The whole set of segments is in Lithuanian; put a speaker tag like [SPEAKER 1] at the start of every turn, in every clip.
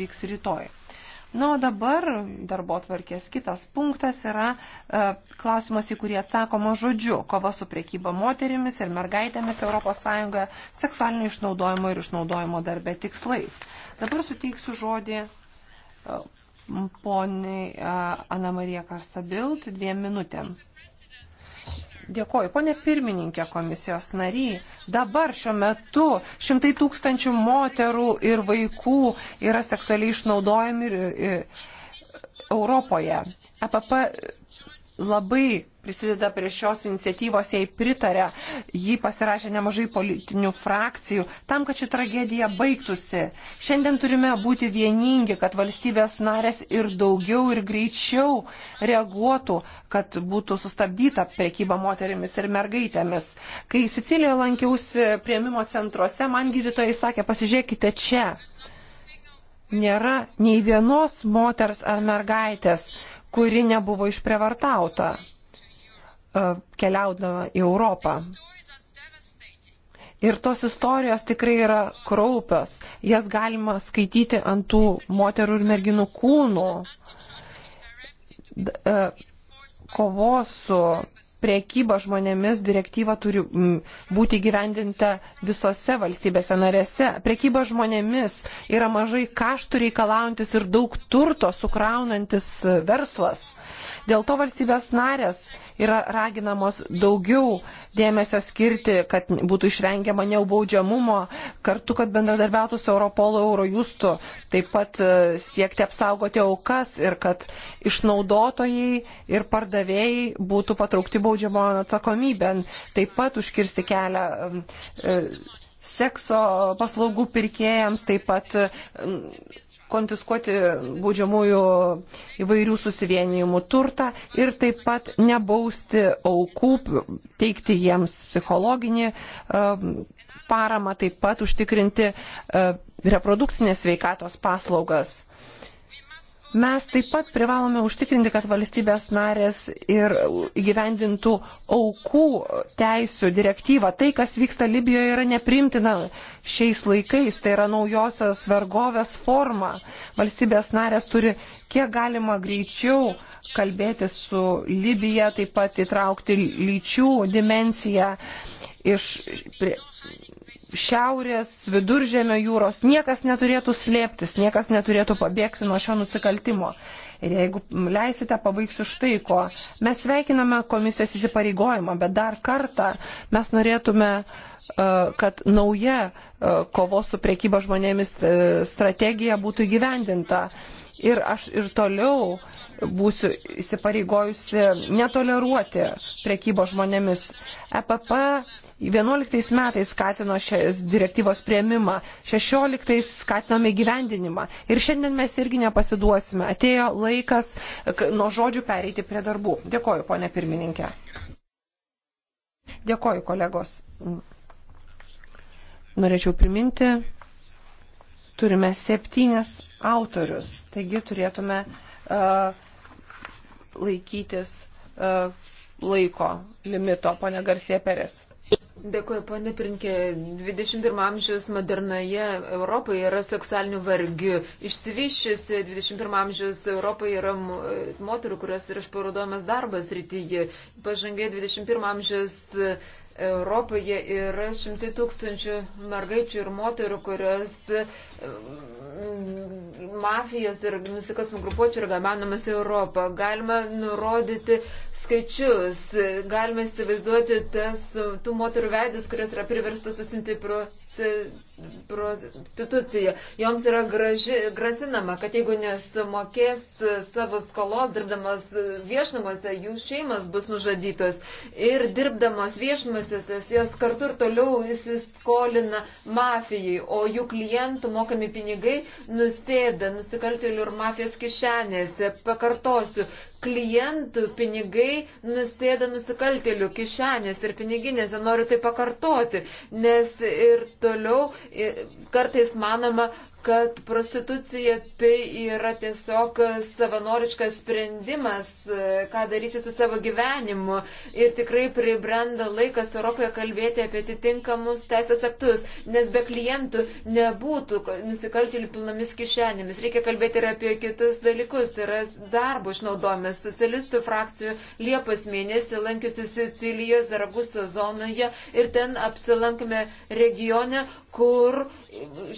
[SPEAKER 1] vyks rytoj. Na, o dabar darbo tvarkės kitas punktas yra e, klausimas, į kurį atsakoma žodžiu - kova su priekyba moterimis ir mergaitėmis ES seksualinio išnaudojimo ir išnaudojimo darbe tikslais. Dabar suteiksiu žodį e, poniai e, Ana Marija Karsabilt dviem minutėm. Dėkoju, ponė pirmininkė komisijos nary. Dabar šiuo metu šimtai tūkstančių moterų ir vaikų yra seksualiai išnaudojami ir, e, ir, e, Europoje. APP e, labai prisideda prie šios iniciatyvos, jai pritarė, jį pasirašė nemažai politinių frakcijų, tam, kad ši tragedija baigtųsi. Šiandien turime būti vieningi, kad valstybės narės ir daugiau ir greičiau reaguotų, kad būtų sustabdyta priekyba moterimis ir mergaitėmis. Kai Sicilijoje lankiausi prieimimo centruose, man gydytojai sakė, pasižiūrėkite čia. Nėra nei vienos moters ar mergaitės, kuri nebuvo išprievartauta e, keliaudama į Europą. Ir tos istorijos tikrai yra kraupios. Jas galima skaityti ant tų moterų ir merginų kūnų. E, kovos su priekyba žmonėmis direktyva turi būti gyvendinta visose valstybėse narėse. Priekyba žmonėmis yra mažai kaštų reikalaujantis ir daug turto sukraunantis e, verslas. Dėl to valstybės narės yra raginamos daugiau dėmesio skirti, kad būtų išvengiama neubaudžiamumo, kartu, kad bendradarbiautų su Europolo Eurojustu, taip pat e, siekti apsaugoti aukas ir kad išnaudotojai ir pardavėjai būtų patraukti baudžiamo atsakomybę, taip pat užkirsti kelią e, sekso paslaugų pirkėjams, taip pat konfiskuoti baudžiamųjų įvairių susivienijimų turtą ir taip pat nebausti aukų, teikti jiems psichologinį um, paramą, taip pat užtikrinti uh, reprodukcinės sveikatos paslaugas. Mes taip pat privalome užtikrinti, kad valstybės narės ir įgyvendintų aukų teisų direktyvą. Tai, kas vyksta Libijoje, yra neprimtina šiais laikais. Tai yra naujosios vergovės forma. Valstybės narės turi kiek galima greičiau kalbėti su Libija, taip pat įtraukti lyčių dimenciją iš šiaurės, viduržėmio jūros. Niekas neturėtų slėptis, niekas neturėtų pabėgti nuo šio nusikaltimo. Ir jeigu leisite, pabaigsiu štai ko. Mes sveikiname komisijos įsipareigojimą, bet dar kartą mes norėtume e, kad nauja e, kovos su priekyba žmonėmis e, strategija būtų įgyvendinta ir aš ir toliau būsiu įsipareigojusi netoleruoti prekybo žmonėmis. EPP 11 metais skatino šios direktyvos prieimimą, 16 skatinome gyvendinimą ir šiandien mes irgi nepasiduosime. Atėjo laikas nuo žodžių pereiti prie darbų. Dėkoju, ponė pirmininkė. Dėkoju, kolegos. Norėčiau priminti, turime septynias autorius. Taigi turėtume uh, laikytis
[SPEAKER 2] uh, laiko limito, ponė
[SPEAKER 1] Garsie Perės.
[SPEAKER 2] Dėkuoju, ponė Prinkė. 21 amžiaus modernoje Europoje yra seksualinių vargių. Išsivyščiusi 21 amžiaus Europoje yra moterų, kurios yra išparodomas darbas rytyje. Pažangiai 21 amžiaus Europoje yra šimtai tūkstančių mergaičių ir moterų, kurios uh, mafijos ir nusikalstamų grupuočių yra gabenamas į Europą. Galima nurodyti skaičius, galima įsivaizduoti tas, tų moterų veidus, kurios yra priverstos susimti prostituciją. Joms yra graži, grasinama, kad jeigu nesumokės savo skolos, dirbdamas viešnamuose, jų šeimas bus nužadytos. Ir dirbdamas viešnamuose, jos kartu ir toliau įsiskolina mafijai, o jų klientų moka nemokami pinigai nusėda nusikaltėlių ir mafijos kišenėse. Pakartosiu, klientų pinigai nusėda nusikaltėlių kišenės ir piniginėse. Noriu tai pakartoti, nes ir toliau kartais manoma, kad prostitucija tai yra tiesiog savanoriškas sprendimas, ką darysi su savo gyvenimu. Ir tikrai pribrendo laikas Europoje kalbėti apie atitinkamus teisės aktus, nes be klientų nebūtų nusikaltėlių pilnomis kišenėmis. Reikia kalbėti ir apie kitus dalykus, tai yra darbo išnaudomis. Socialistų frakcijų Liepos mėnesį lankiusi Sicilijos Zaraguso zonoje ir ten apsilankėme regione, kur uh,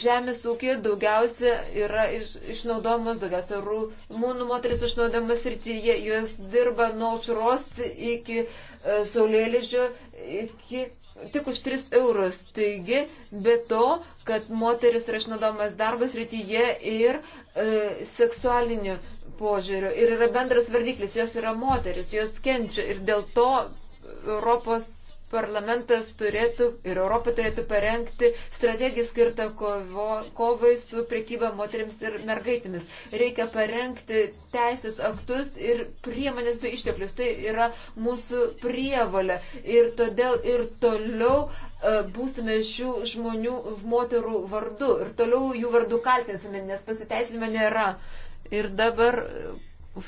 [SPEAKER 2] žemės ūkija daugiausia yra iš, išnaudojamos, daugiausia rumūnų moteris išnaudojamas rytyje, jos dirba nuo aušros iki e, saulėlydžio, iki tik už 3 eurus. Taigi, be to, kad moteris yra išnaudojamas darbas rytyje ir e, seksualiniu požiūriu. Ir yra bendras vardiklis, jos yra moteris, jos kenčia ir dėl to Europos parlamentas turėtų ir Europa turėtų parengti strategiją skirtą kovo, kovai su priekyba moteriams ir mergaitėmis. Reikia parengti teisės aktus ir priemonės bei išteklius. Tai yra mūsų prievalė. Ir todėl ir toliau e, būsime šių žmonių, moterų vardu ir toliau jų vardu kaltinsime, nes pasiteisime nėra. Ir dabar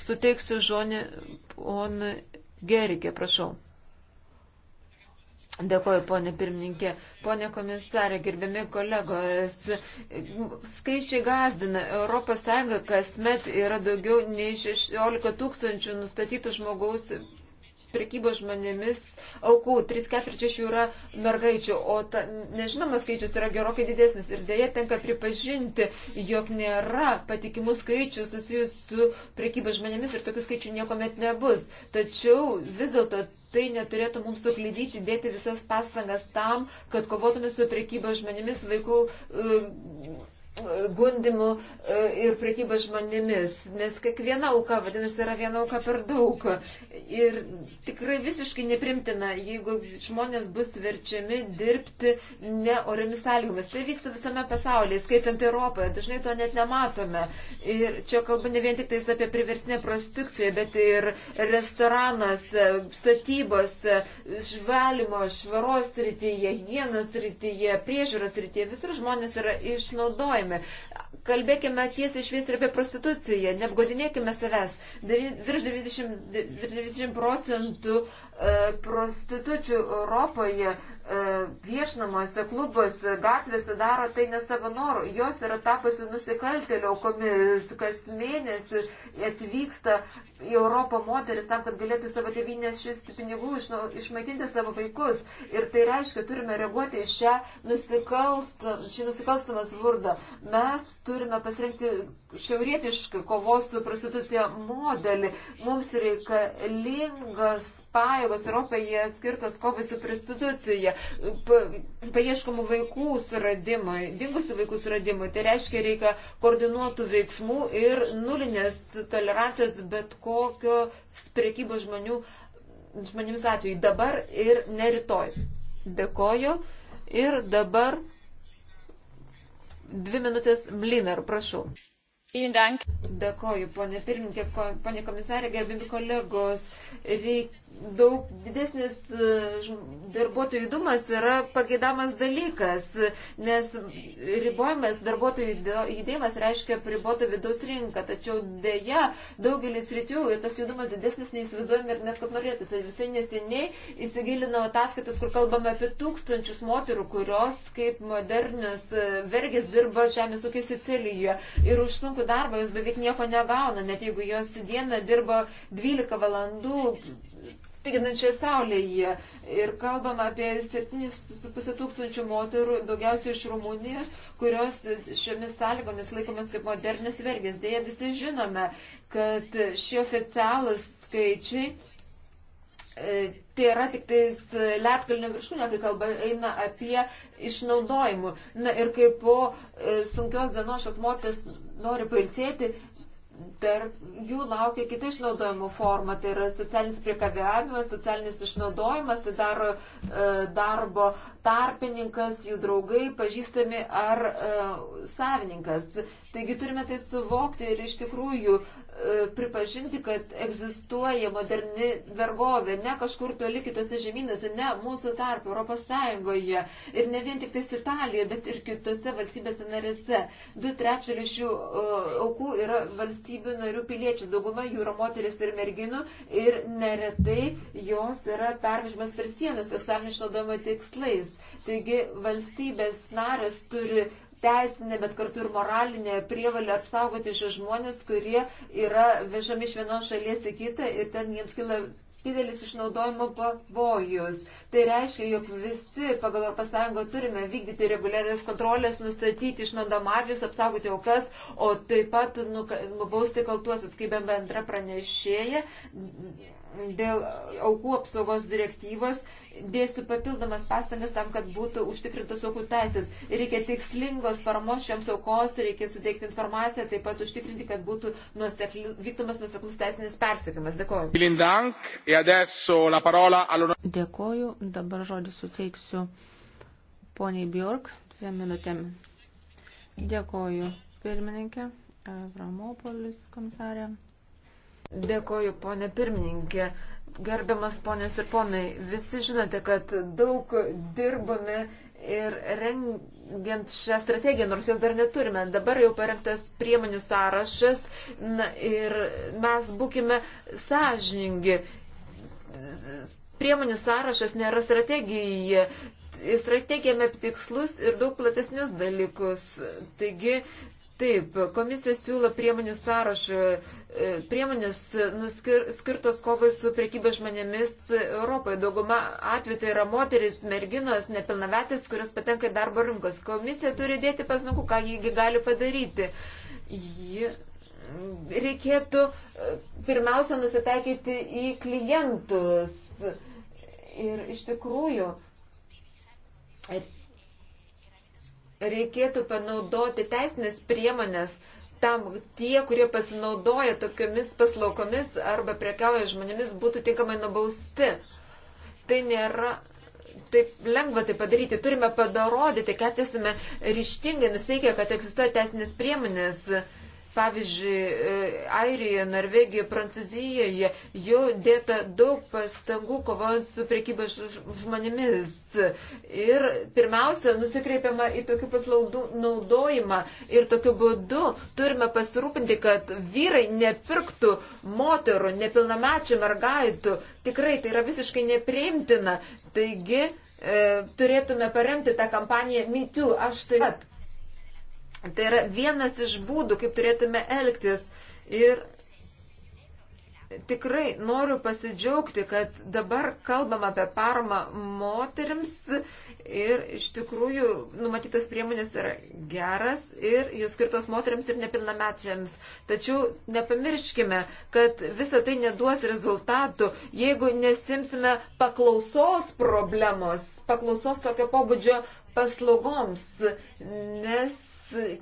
[SPEAKER 2] suteiksiu žonį on Gerikė, prašau. Dėkoju, ponė pirmininkė. Pone komisarė, gerbiami kolegos, skaičiai gazdina. ES kasmet yra daugiau nei 16 tūkstančių nustatytų žmogaus prekybos žmonėmis aukų. 3 ketvirčiai iš jų yra mergaičių, o ta nežinomas skaičius yra gerokai didesnis. Ir dėja tenka pripažinti, jog nėra patikimų skaičių susijusių su prekybos žmonėmis ir tokių skaičių niekuomet nebus. Tačiau vis dėlto tai neturėtų mums suklydyti, dėti visas pastangas tam, kad kovotume su prekybos žmonėmis vaikų. Uh, gundimų e, ir prekybą žmonėmis, nes kiekviena auka, vadinasi, yra viena auka per daug. Ir tikrai visiškai neprimtina, jeigu žmonės bus verčiami dirbti neoriomis sąlygomis. Tai vyksta visame pasaulyje, skaitant Europoje, dažnai to net nematome. Ir čia kalbu ne vien tik tais apie priversinę prostituciją, bet ir restoranas, statybos, žvalymo, švaros rytyje, hygienos rytyje, priežiūros rytyje. Visur žmonės yra išnaudojami nagrinėjami. Kalbėkime tiesiai išvies ir apie prostituciją, neapgodinėkime savęs. Virš 90, 90 procentų e, prostitučių Europoje E, viešnamuose, klubuose, gatvėse daro tai ne savo norų. Jos yra tapusi nusikaltėlio aukomis, kas mėnesį atvyksta į Europą moteris tam, kad galėtų savo tėvynės šis pinigų išmaitinti savo vaikus. Ir tai reiškia, turime reaguoti į šią nusikalstamą, šį nusikalstamą svurdą. Mes turime pasirinkti šiaurietišką kovos su prostitucija modelį. Mums reikalingas pajėgos Europoje skirtos kovai su prostitucija paieškomų vaikų suradimui, dingusių vaikų suradimui. Tai reiškia, reikia koordinuotų veiksmų ir nulinės tolerancijos bet kokio priekybos žmonių, žmonėms atveju. Dabar ir nerytoj. Dėkoju. Ir dabar dvi minutės Mlinar, prašau. Dėkoju, ponė pirmininkė, ponė komisarė, gerbimi kolegos. Reik, daug didesnis e, darbuotojų judumas yra pageidamas dalykas, nes ribojimas darbuotojų judėjimas reiškia pribotą vidaus rinką, tačiau dėja daugelis ryčių tas judumas didesnis neįsivaizduojam ir net kad norėtųsi. Visai neseniai įsigilino ataskaitas, kur kalbame apie tūkstančius moterų, kurios kaip modernios e, vergės dirba žemės ūkio Sicilijoje ir už sunku valandų darbą, jos beveik nieko negauna, net jeigu jos dieną dirba 12 valandų spiginančioje saulėje. Ir kalbam apie 7,5 tūkstančių moterų, daugiausiai iš Rumunijos, kurios šiomis sąlygomis laikomas kaip modernės vergės. Deja, visi žinome, kad šie oficialūs skaičiai E, tai yra tik tais Lietkalnio viršūnė, kai kalba eina apie išnaudojimų. Na ir kai po e, sunkios dienos šios moteris nori pailsėti, tarp jų laukia kita išnaudojimo forma, tai yra socialinis priekabiavimas, socialinis išnaudojimas, tai daro e, darbo tarpininkas, jų draugai, pažįstami ar e, savininkas. Taigi turime tai suvokti ir iš tikrųjų E, pripažinti, kad egzistuoja moderni vergovė, ne kažkur toli kitose žemynuose, ne mūsų tarp Europos Sąjungoje ir ne vien tik tais Italijoje, bet ir kitose valstybėse narėse. Du trečdaliai šių e, aukų yra valstybių narių piliečiai, dauguma jų yra moteris ir merginų ir neretai jos yra pervežimas per sieną seksualinio išnaudojimo tikslais. Taigi valstybės narės turi teisinė, bet kartu ir moralinė prievalė apsaugoti šios žmonės, kurie yra vežami iš vienos šalies į kitą ir ten jiems kila didelis išnaudojimo pavojus. Tai reiškia, jog visi pagal Europos Sąjungą turime vykdyti reguliarės kontrolės, nustatyti išnaudomavius, apsaugoti aukas, o taip pat nubausti kaltuosius, kaip bendra pranešėja dėl aukų apsaugos direktyvos dėsiu papildomas pastangas tam, kad būtų užtikrintas aukų teisės. Reikia tikslingos paramos šiems aukos, reikia suteikti informaciją, taip pat užtikrinti, kad būtų nuosekli, vykdomas nuoseklus teisinis persekimas. Dėkoju.
[SPEAKER 3] E Dėkoju. Dabar žodį suteiksiu poniai Bjork dviem minutėm. Dėkoju. Pirmininkė, Avramopolis komisarė. Dėkoju, ponė pirmininkė.
[SPEAKER 2] Gerbiamas ponės ir ponai, visi žinote, kad daug dirbame ir rengiant šią strategiją, nors jos dar neturime. Dabar jau parengtas priemonių sąrašas na, ir mes būkime sąžiningi. Priemonių sąrašas nėra strategija. Strategija apie tikslus ir daug platesnius dalykus. Taigi, taip, komisija siūlo priemonių sąrašą E, priemonės nuskir, skirtos kovai su priekyba žmonėmis Europoje. Dauguma atveju tai yra moteris, merginos, nepilnavetės, kurios patenka į darbo rinkos. Komisija turi dėti pasnukų, ką jįgi gali padaryti. Ji reikėtų e, pirmiausia nusitaikyti į klientus. Ir iš tikrųjų reikėtų panaudoti teisinės priemonės, uh, tam tie, kurie pasinaudoja tokiamis paslaugomis arba prekiauja žmonėmis, būtų tinkamai nubausti. Tai nėra taip lengva tai padaryti. Turime padarodyti, kad esame ryštingai nusiteikę, kad egzistuoja teisinės priemonės. Uh, Pavyzdžiui, e, Airijoje, Norvegijoje, Prancūzijoje jau dėta daug pastangų kovojant su priekyba žmonėmis. Ir pirmiausia, nusikreipiama į tokių paslaugų naudojimą. Ir tokiu būdu turime pasirūpinti, kad vyrai nepirktų moterų, nepilnamečių mergaitų. Tikrai tai yra visiškai nepriimtina. Taigi, e, turėtume paremti tą kampaniją MeToo. Aš taip pat Tai yra vienas iš būdų, kaip turėtume elgtis. Ir tikrai noriu pasidžiaugti, kad dabar kalbam apie paramą moteriams ir iš tikrųjų numatytas priemonės yra geras ir jūs skirtos moteriams ir nepilnamečiams. Tačiau nepamirškime, kad visa tai neduos rezultatų, jeigu nesimsime paklausos problemos, paklausos tokio pobūdžio paslaugoms, nes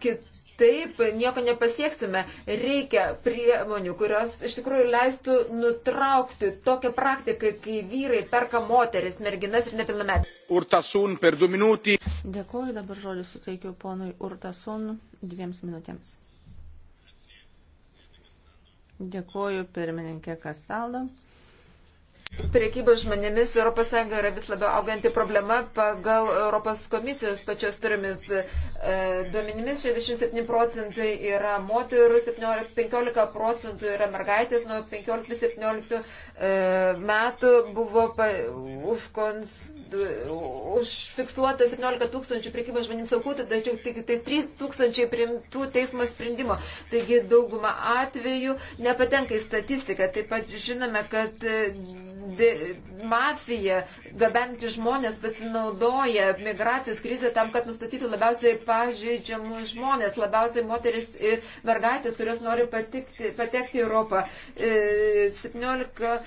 [SPEAKER 2] kitaip nieko nepasieksime. Reikia priemonių, kurios iš tikrųjų leistų nutraukti tokią praktiką,
[SPEAKER 3] kai vyrai perka moteris,
[SPEAKER 2] merginas ir nepilnametį.
[SPEAKER 3] Urtasun per du minutį. Dėkuoju, dabar žodį suteikiu ponui Urtasun dviems minutėms. Dėkuoju pirmininkė Kastaldo.
[SPEAKER 2] Priekybos žmonėmis ES yra vis labiau auganti problema pagal Europos komisijos pačios turimis e, duomenimis. 67 procentai yra moterų, 17, 15 procentų yra mergaitės nuo 15-17 E, metų buvo pa, užkons, užfiksuota 17 tūkstančių priekybos žmonėms aukų, tačiau tik tais 3 tūkstančiai priimtų teismo sprendimo. Taigi dauguma atvejų nepatenka į statistiką. Taip pat žinome, kad e, de, mafija, gabenti žmonės pasinaudoja migracijos krizę tam, kad nustatytų labiausiai pažeidžiamus žmonės, labiausiai moteris ir mergaitės, kurios nori patikti, patekti į Europą. 17 e,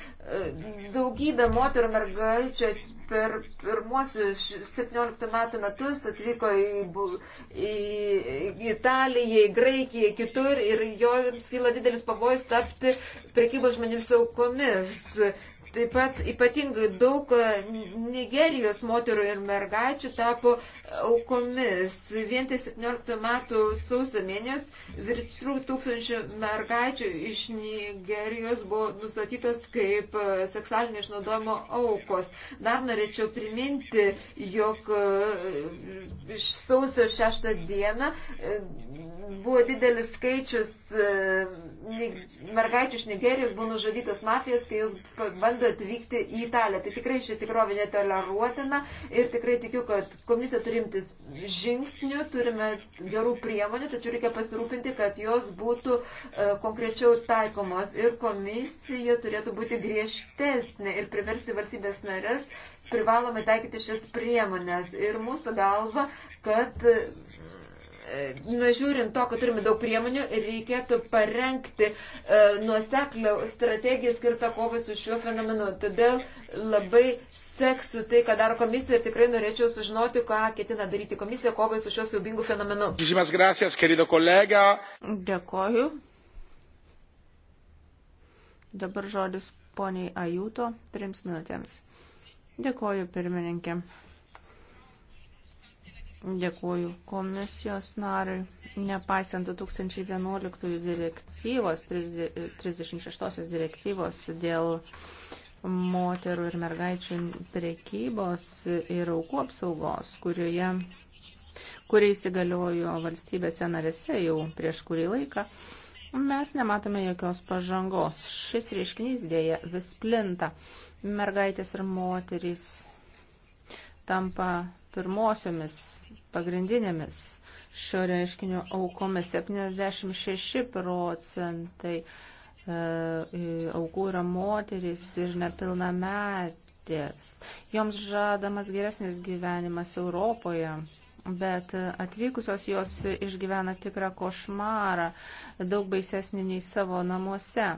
[SPEAKER 2] daugybė moterų mergaičių per pirmuosius 17 metų metus atvyko į, į, į Italiją, į Graikiją, kitur ir joms kyla didelis pavojus tapti prekybos žmonėms aukomis. Taip pat ypatingai daug e, Nigerijos moterų ir mergaičių tapo aukomis. Vien tai 17 metų sausio mėnesį virš 3000 mergaičių iš Nigerijos buvo nustatytos kaip e, seksualinio išnaudojimo aukos. Dar norėčiau priminti, jog e, iš sausio 6 dieną buvo didelis skaičius e, mergaičių iš Nigerijos, buvo nužudytos mafijos, kai jūs bando atvykti į Italiją. Tai tikrai ši tikrovė netoleruotina ir tikrai tikiu, kad komisija turimtis žingsnių, turime gerų priemonių, tačiau reikia pasirūpinti, kad jos būtų e, konkrečiau taikomos ir komisija turėtų būti griežtesnė ir priversti valstybės narės privalomai taikyti šias priemonės. Ir mūsų galva, kad E, nežiūrint to, kad turime daug priemonių, reikėtų parengti e, nuoseklę strategiją skirtą kovai su šiuo fenomenu. Todėl labai seksu tai, ką daro komisija ir tikrai norėčiau sužinoti, ką ketina daryti
[SPEAKER 3] komisija kovai su šiuo
[SPEAKER 2] siubingu fenomenu.
[SPEAKER 3] Dėkoju. Dabar žodis poniai Ajuto trims minutėms. Dėkoju pirmininkė. Dėkuoju komisijos nariui. Nepaisant 2011 direktyvos, 36 direktyvos dėl moterų ir mergaičių prekybos ir aukų apsaugos, kurioje, kurie įsigaliojo valstybėse narėse jau prieš kurį laiką, mes nematome jokios pažangos. Šis reiškinys dėja vis plinta. Mergaitės ir moterys tampa pirmosiomis pagrindinėmis šio reiškinio aukomis 76 procentai e, aukų yra moteris ir nepilnametės. Joms žadamas geresnis gyvenimas Europoje, bet atvykusios jos išgyvena tikrą košmarą, daug baisesnį nei savo namuose.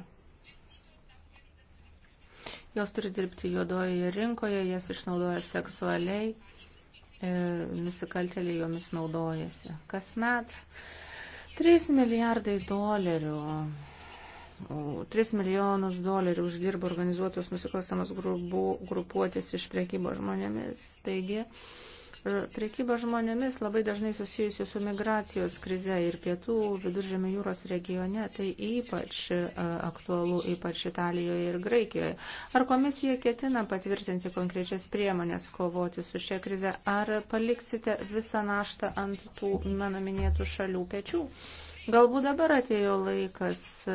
[SPEAKER 3] Jos turi dirbti juodojoje rinkoje, jas išnaudoja seksualiai E, nusikaltėliai jomis naudojasi. Kasmet 3 milijardai dolerių 3 milijonus dolerių uždirba organizuotos nusikalstamos grupuotės iš priekybos žmonėmis. Taigi E, Priekyba žmonėmis labai dažnai susijusi su migracijos krize ir pietų viduržėmio jūros regione, tai ypač e, aktualu, ypač Italijoje ir Graikijoje. Ar komisija ketina patvirtinti konkrečias priemonės kovoti su šia krize, ar paliksite visą naštą ant tų mano minėtų šalių pečių? Galbūt dabar atėjo laikas e,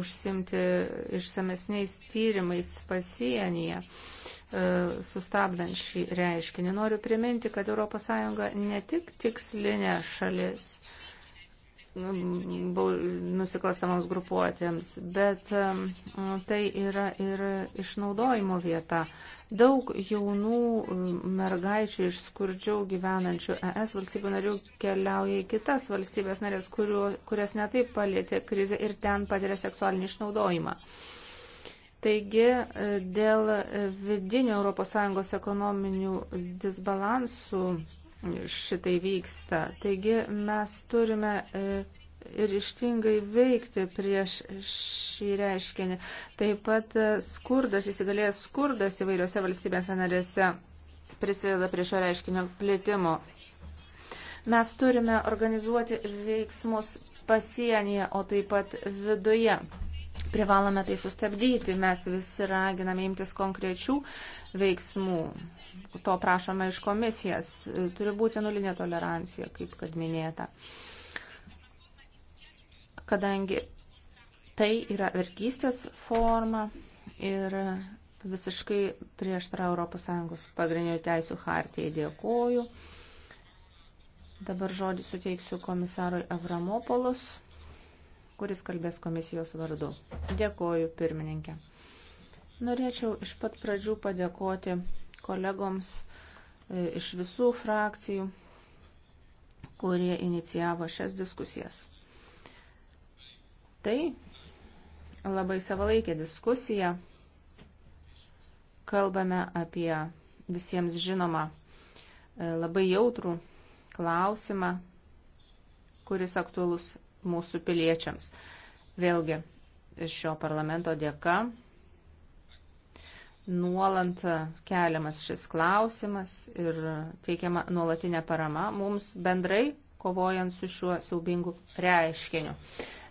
[SPEAKER 3] užsimti išsamesniais tyrimais pasienyje, e, sustabdant šį reiškinį. Noriu priminti, kad ES ne tik tikslinė šalis nusikalstamoms grupuotėms, bet tai yra ir išnaudojimo vieta. Daug jaunų mergaičių iš skurdžiau gyvenančių ES valstybių narių keliauja į kitas valstybės narės, kuriu, kurias netaip palėtė krizė ir ten patiria seksualinį išnaudojimą. Taigi e, dėl vidinių ES ekonominių disbalansų šitai vyksta. Taigi mes turime ir e, ištingai veikti prieš šį reiškinį. Taip pat e, skurdas, įsigalėjęs skurdas įvairiose valstybėse narėse prisideda prie šio reiškinio plėtimo. Mes turime organizuoti veiksmus pasienyje, o taip pat viduje privalome tai sustabdyti. Mes visi raginame imtis konkrečių veiksmų. To prašome iš komisijas. Turi būti nulinė tolerancija, kaip kad minėta. Kadangi tai yra vergystės forma ir visiškai prieštara ES pagrindinių teisų hartijai dėkoju. Dabar žodį suteiksiu komisarui Avramopolus kuris kalbės komisijos vardu. Dėkoju, pirmininkė. Norėčiau iš pat pradžių padėkoti kolegoms e, iš visų frakcijų, kurie inicijavo šias diskusijas. Tai labai savalaikė diskusija. Kalbame apie visiems žinomą e, labai jautrų klausimą, kuris aktualus mūsų piliečiams. Vėlgi, šio parlamento dėka nuolant keliamas šis klausimas ir teikiama nuolatinė parama mums bendrai kovojant su šiuo siaubingu reiškiniu.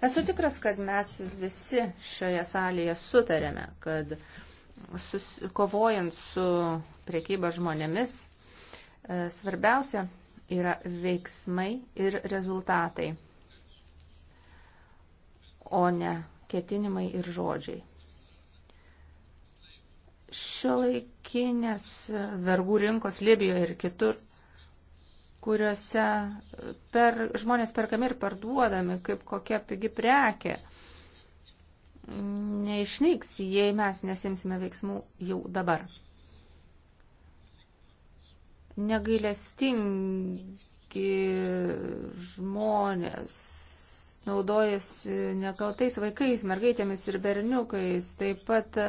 [SPEAKER 3] Esu tikras, kad mes visi šioje salėje sutarėme, kad sus, kovojant su priekyba žmonėmis e, svarbiausia yra veiksmai ir rezultatai o ne ketinimai ir žodžiai. Šio laikinės vergų rinkos Libijoje ir kitur, kuriuose per, žmonės perkami ir parduodami kaip kokia pigi prekė, neišnyks, jei mes nesimsime veiksmų jau dabar. Negailestingi žmonės naudojasi nekaltais vaikais, mergaitėmis ir berniukais, taip pat e,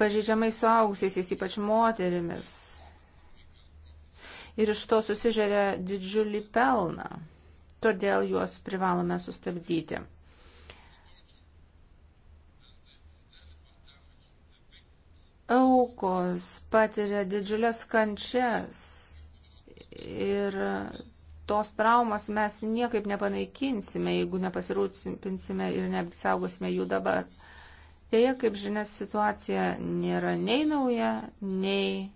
[SPEAKER 3] pažeidžiamai suaugusiais, ypač moterimis. Ir iš to susižeria didžiulį pelną. Todėl juos privalome sustabdyti. Aukos patiria didžiulės kančias ir tos traumas mes niekaip nepanaikinsime, jeigu nepasirūpinsime ir neapsaugosime jų dabar. Deja, kaip žinia, situacija nėra nei nauja, nei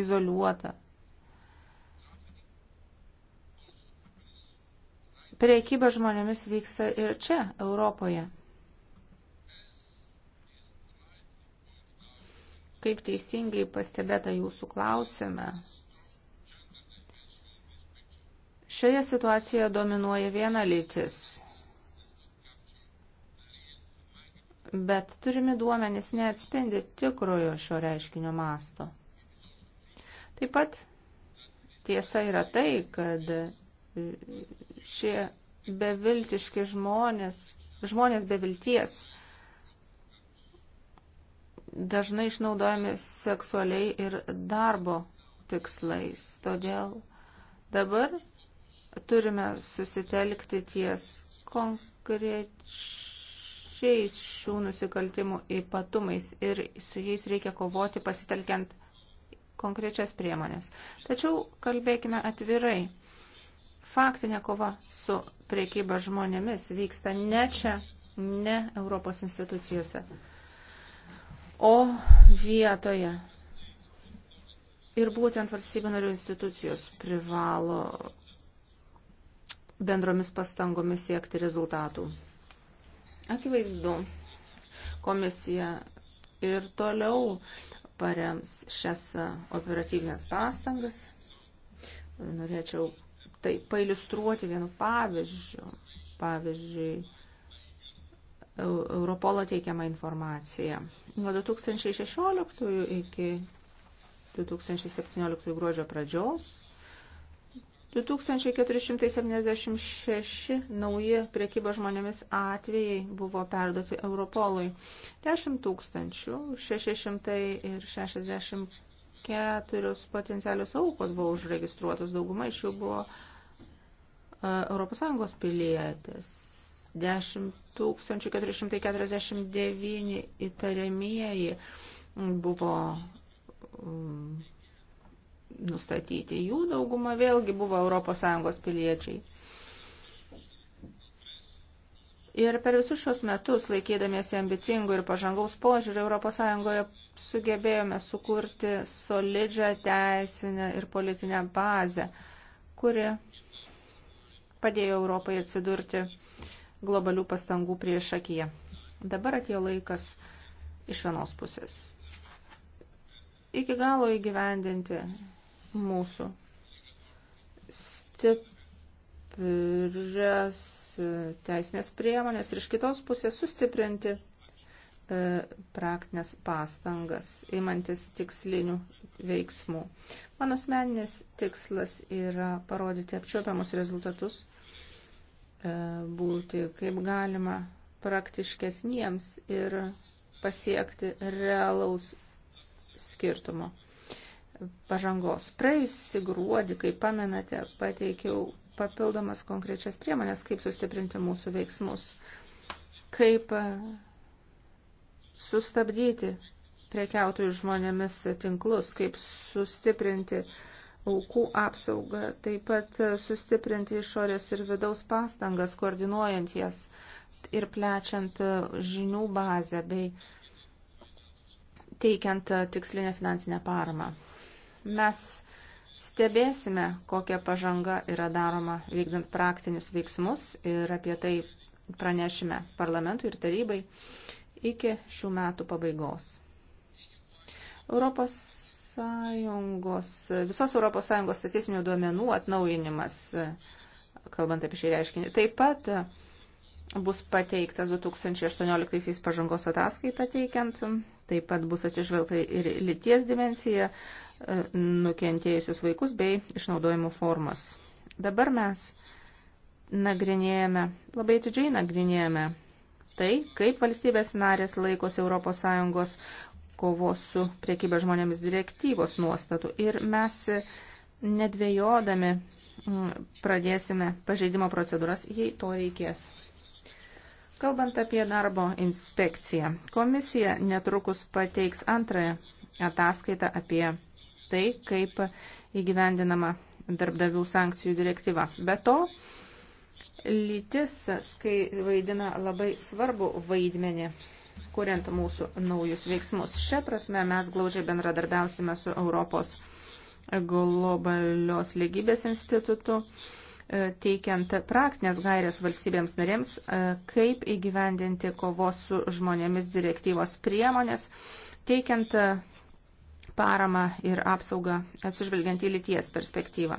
[SPEAKER 3] izoliuota. Priekyba žmonėmis vyksta ir čia, Europoje. Kaip teisingai pastebėta jūsų klausime, Šioje situacijoje dominuoja viena lytis. Bet turimi duomenys neatspindi tikrojo šio reiškinio masto. Taip pat tiesa yra tai, kad šie beviltiški žmonės, žmonės bevilties dažnai išnaudojami seksualiai ir darbo tikslais. Todėl dabar turime susitelkti ties konkrečiais šių nusikaltimų ypatumais ir su jais reikia kovoti pasitelkiant konkrečias priemonės. Tačiau kalbėkime atvirai. Faktinė kova su priekyba žmonėmis vyksta ne čia, ne Europos institucijose, o vietoje. Ir būtent valstybių narių institucijos privalo bendromis pastangomis siekti rezultatų. Akivaizdu, komisija ir toliau parems šias operatyvinės pastangas. Norėčiau tai pailustruoti vienu pavyzdžiu. Pavyzdžiui, Europolo teikiama informacija. Nuo 2016 iki 2017 gruodžio pradžios 2476 nauji priekybo žmonėmis atvejai buvo perduoti Europolui. 10 664 potencialios aukos buvo užregistruotos, dauguma iš jų buvo ES pilietės. 10 449 įtariamieji buvo nustatyti. Jų dauguma vėlgi buvo ES piliečiai. Ir per visus šios metus, laikydamiesi ambicingų ir pažangaus požiūrį, ES sugebėjome sukurti solidžią teisinę ir politinę bazę, kuri padėjo Europai atsidurti globalių pastangų prieš akiją. Dabar atėjo laikas iš vienos pusės iki galo įgyvendinti mūsų stiprias teisinės priemonės ir iš kitos pusės sustiprinti e, praktinės pastangas, imantis tikslinių veiksmų. Mano asmeninis tikslas yra parodyti apčiotamus rezultatus, e, būti kaip galima praktiškesniems ir pasiekti realaus skirtumo pažangos. Praėjusį gruodį, kaip pamenate, pateikiau papildomas konkrečias priemonės, kaip sustiprinti mūsų veiksmus, kaip e, sustabdyti prekiautojų žmonėmis tinklus, kaip sustiprinti aukų apsaugą, taip pat e, sustiprinti išorės ir vidaus pastangas, koordinuojant jas ir plečiant e, žinių bazę bei teikiant tikslinę finansinę paramą mes stebėsime, kokia pažanga yra daroma vykdant praktinius veiksmus ir apie tai pranešime parlamentui ir tarybai iki šių metų pabaigos. Europos Sąjungos, visos Europos Sąjungos statistinių duomenų atnaujinimas, kalbant apie šį reiškinį, taip pat bus pateiktas 2018 pažangos ataskaita teikiant, taip pat bus atsižvelgta ir lyties dimensija, e, nukentėjusius vaikus bei išnaudojimų formas. Dabar mes nagrinėjame, labai didžiai nagrinėjame tai, kaip valstybės narės laikosi ES kovos su priekybė žmonėmis direktyvos nuostatų ir mes nedvėjodami pradėsime pažeidimo procedūras, jei to reikės. Kalbant apie darbo inspekciją, komisija netrukus pateiks antrąją ataskaitą apie tai, kaip įgyvendinama darbdavių sankcijų direktyva. Be to, lytis skai vaidina labai svarbu vaidmenį, kuriant mūsų naujus veiksmus. Šią prasme mes glaudžiai bendradarbiausime su Europos globalios lygybės institutu E, teikiant praktinės gairės valstybėms narėms, e, kaip įgyvendinti kovos su žmonėmis direktyvos priemonės, teikiant e, paramą ir apsaugą atsižvelgiant į lyties perspektyvą.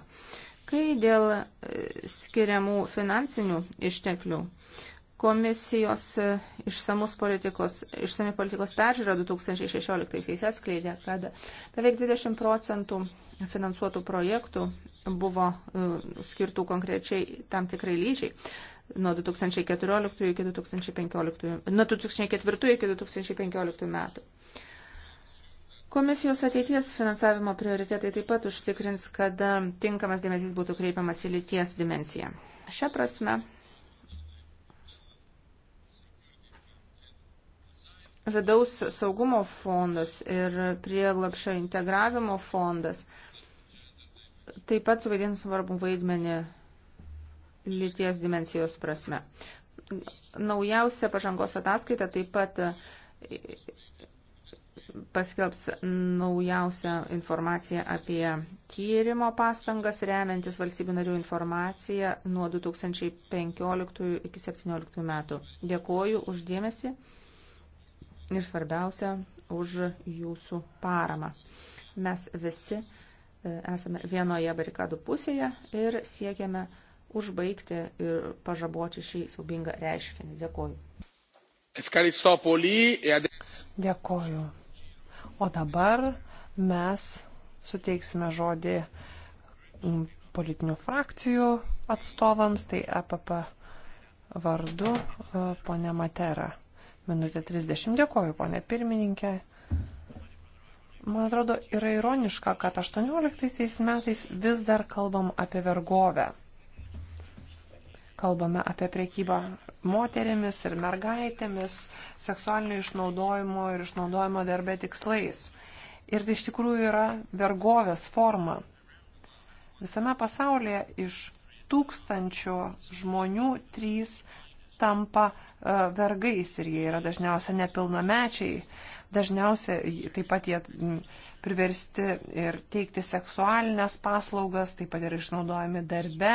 [SPEAKER 3] Kai dėl skiriamų finansinių išteklių komisijos išsamus politikos, išsami politikos peržiūra 2016-aisiais atskleidė, kad beveik 20 procentų finansuotų projektų buvo e, skirtų konkrečiai tam tikrai lyčiai nuo 2014 iki 2015, nuo 2004 iki 2015 metų. Komisijos ateities finansavimo prioritetai taip pat užtikrins, kad e, tinkamas dėmesys būtų kreipiamas į lyties dimenciją. Šią prasme, vidaus saugumo fondas ir prieglapšio integravimo fondas – taip pat suvaidins svarbu vaidmenį lyties dimensijos prasme. Naujausia pažangos ataskaita taip pat e, paskelbs naujausią informaciją apie tyrimo pastangas remiantis valstybių narių informaciją nuo 2015 iki 2017 metų. Dėkoju uždėmesi ir svarbiausia už jūsų paramą. Mes visi E, esame vienoje barikadų pusėje ir siekiame užbaigti ir pažaboti šį siaubingą reiškinį. Dėkoju.
[SPEAKER 2] E
[SPEAKER 3] Dėkoju.
[SPEAKER 1] O dabar mes suteiksime žodį mm, politinių frakcijų atstovams, tai APP e vardu ponė Matera. Minutė 30. Dėkoju, ponė pirmininkė. Man atrodo, yra ironiška, kad 18 metais vis dar kalbam apie vergovę. Kalbame apie priekybą moterėmis ir mergaitėmis, seksualinio išnaudojimo ir išnaudojimo darbe tikslais. Ir tai iš tikrųjų yra vergovės forma. Visame pasaulyje iš tūkstančio žmonių trys tampa e, vergais ir jie yra dažniausiai nepilnamečiai. Dažniausiai taip pat jie priversti ir teikti seksualinės paslaugas, taip pat yra išnaudojami darbe.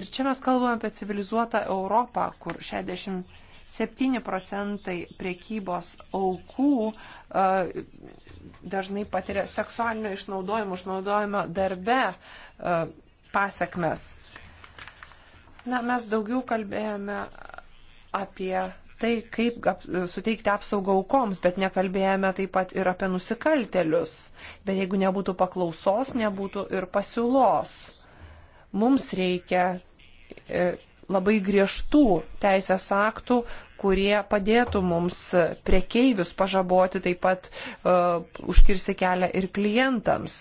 [SPEAKER 1] Ir čia mes kalbame apie civilizuotą Europą, kur 67 procentai priekybos aukų dažnai patiria seksualinio išnaudojimo, išnaudojimo darbe pasiekmes. Na, mes daugiau kalbėjome apie tai, kaip suteikti apsaugą aukoms, bet nekalbėjome taip pat ir apie nusikaltelius. Bet jeigu nebūtų paklausos, nebūtų ir pasiūlos. Mums reikia e, labai griežtų teisės aktų, kurie padėtų mums priekeivius pažaboti, taip pat uh, užkirsti kelią ir klientams.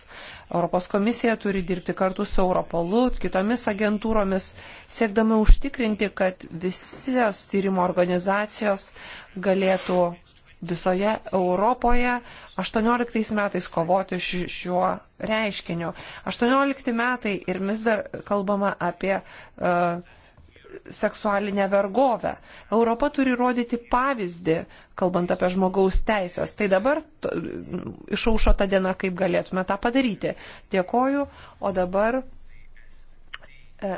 [SPEAKER 1] Europos komisija turi dirbti kartu su Europolu, kitomis agentūromis, siekdami užtikrinti, kad visios tyrimo organizacijos galėtų visoje Europoje 18 metais kovoti šiuo reiškiniu. 18 metai ir vis dar kalbama apie uh, seksualinę vergovę. Europa turi rodyti pavyzdį, kalbant apie žmogaus teisės. Tai dabar išaušo ta diena, kaip galėtume tą padaryti. Dėkoju. O dabar e,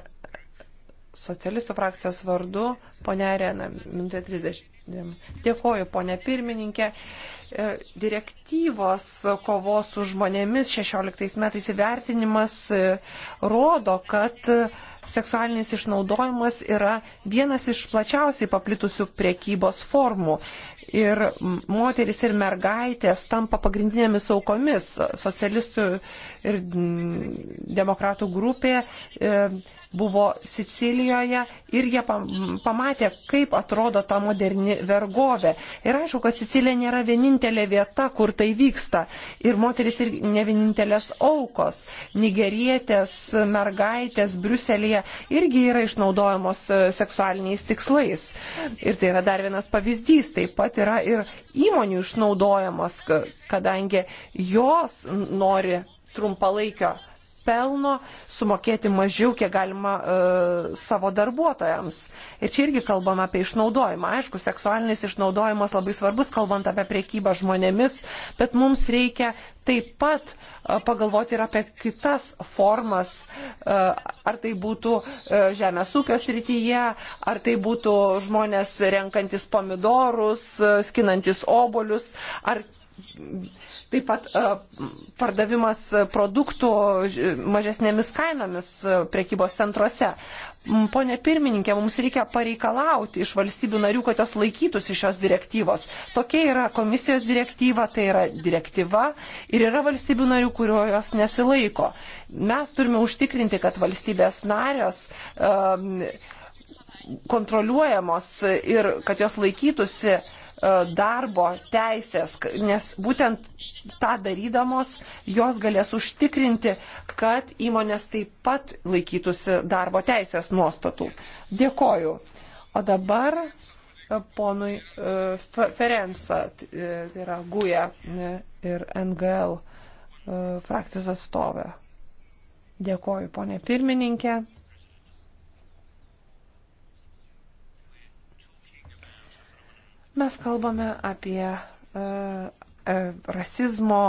[SPEAKER 1] socialistų frakcijos vardu, ponia Arena, minutė 30. Dėkoju, ponė pirmininkė. E, direktyvos kovos su žmonėmis 16 metais įvertinimas e, rodo, kad e, seksualinis išnaudojimas yra vienas iš plačiausiai paplitusių priekybos formų. Ir moteris ir mergaitės tampa pagrindinėmis aukomis. Socialistų ir demokratų grupė buvo Sicilijoje ir jie pamatė, kaip atrodo ta moderni vergovė. Ir aišku, kad Sicilija nėra vienintelė vieta, kur tai vyksta. Ir moteris ir ne vienintelės aukos. Nigerietės, mergaitės Briuselėje irgi yra išnaudojamos e, seksualiniais tikslais. Ir tai yra dar vienas pavyzdys. Taip pat yra ir įmonių išnaudojamas, kadangi jos nori trumpalaikio pelno, sumokėti mažiau, kiek galima e, savo darbuotojams. Ir čia irgi kalbama apie išnaudojimą. Aišku, seksualinis išnaudojimas labai svarbus, kalbant apie priekybą žmonėmis, bet mums reikia taip pat e, pagalvoti ir apie kitas formas, e, ar tai būtų e, žemės ūkio srityje, ar tai būtų žmonės renkantis pomidorus, skinantis obolius, ar Taip pat pardavimas produktų mažesnėmis kainomis prekybos centruose. Pone pirmininkė, mums reikia pareikalauti iš valstybių narių, kad jos laikytųsi šios direktyvos. Tokia yra komisijos direktyva, tai yra direktyva ir yra valstybių narių, kurio jos nesilaiko. Mes turime užtikrinti, kad valstybės narios. Um, kontroliuojamos ir kad jos laikytųsi uh, E, darbo teisės, nes būtent tą darydamos jos galės užtikrinti, kad įmonės taip pat laikytųsi darbo teisės nuostatų. Dėkoju. O dabar e, ponui e, Ferenca, tai yra Guja ir NGL frakcijos atstovė. Dėkoju, ponė pirmininkė. Mes kalbame apie e, e, rasizmo,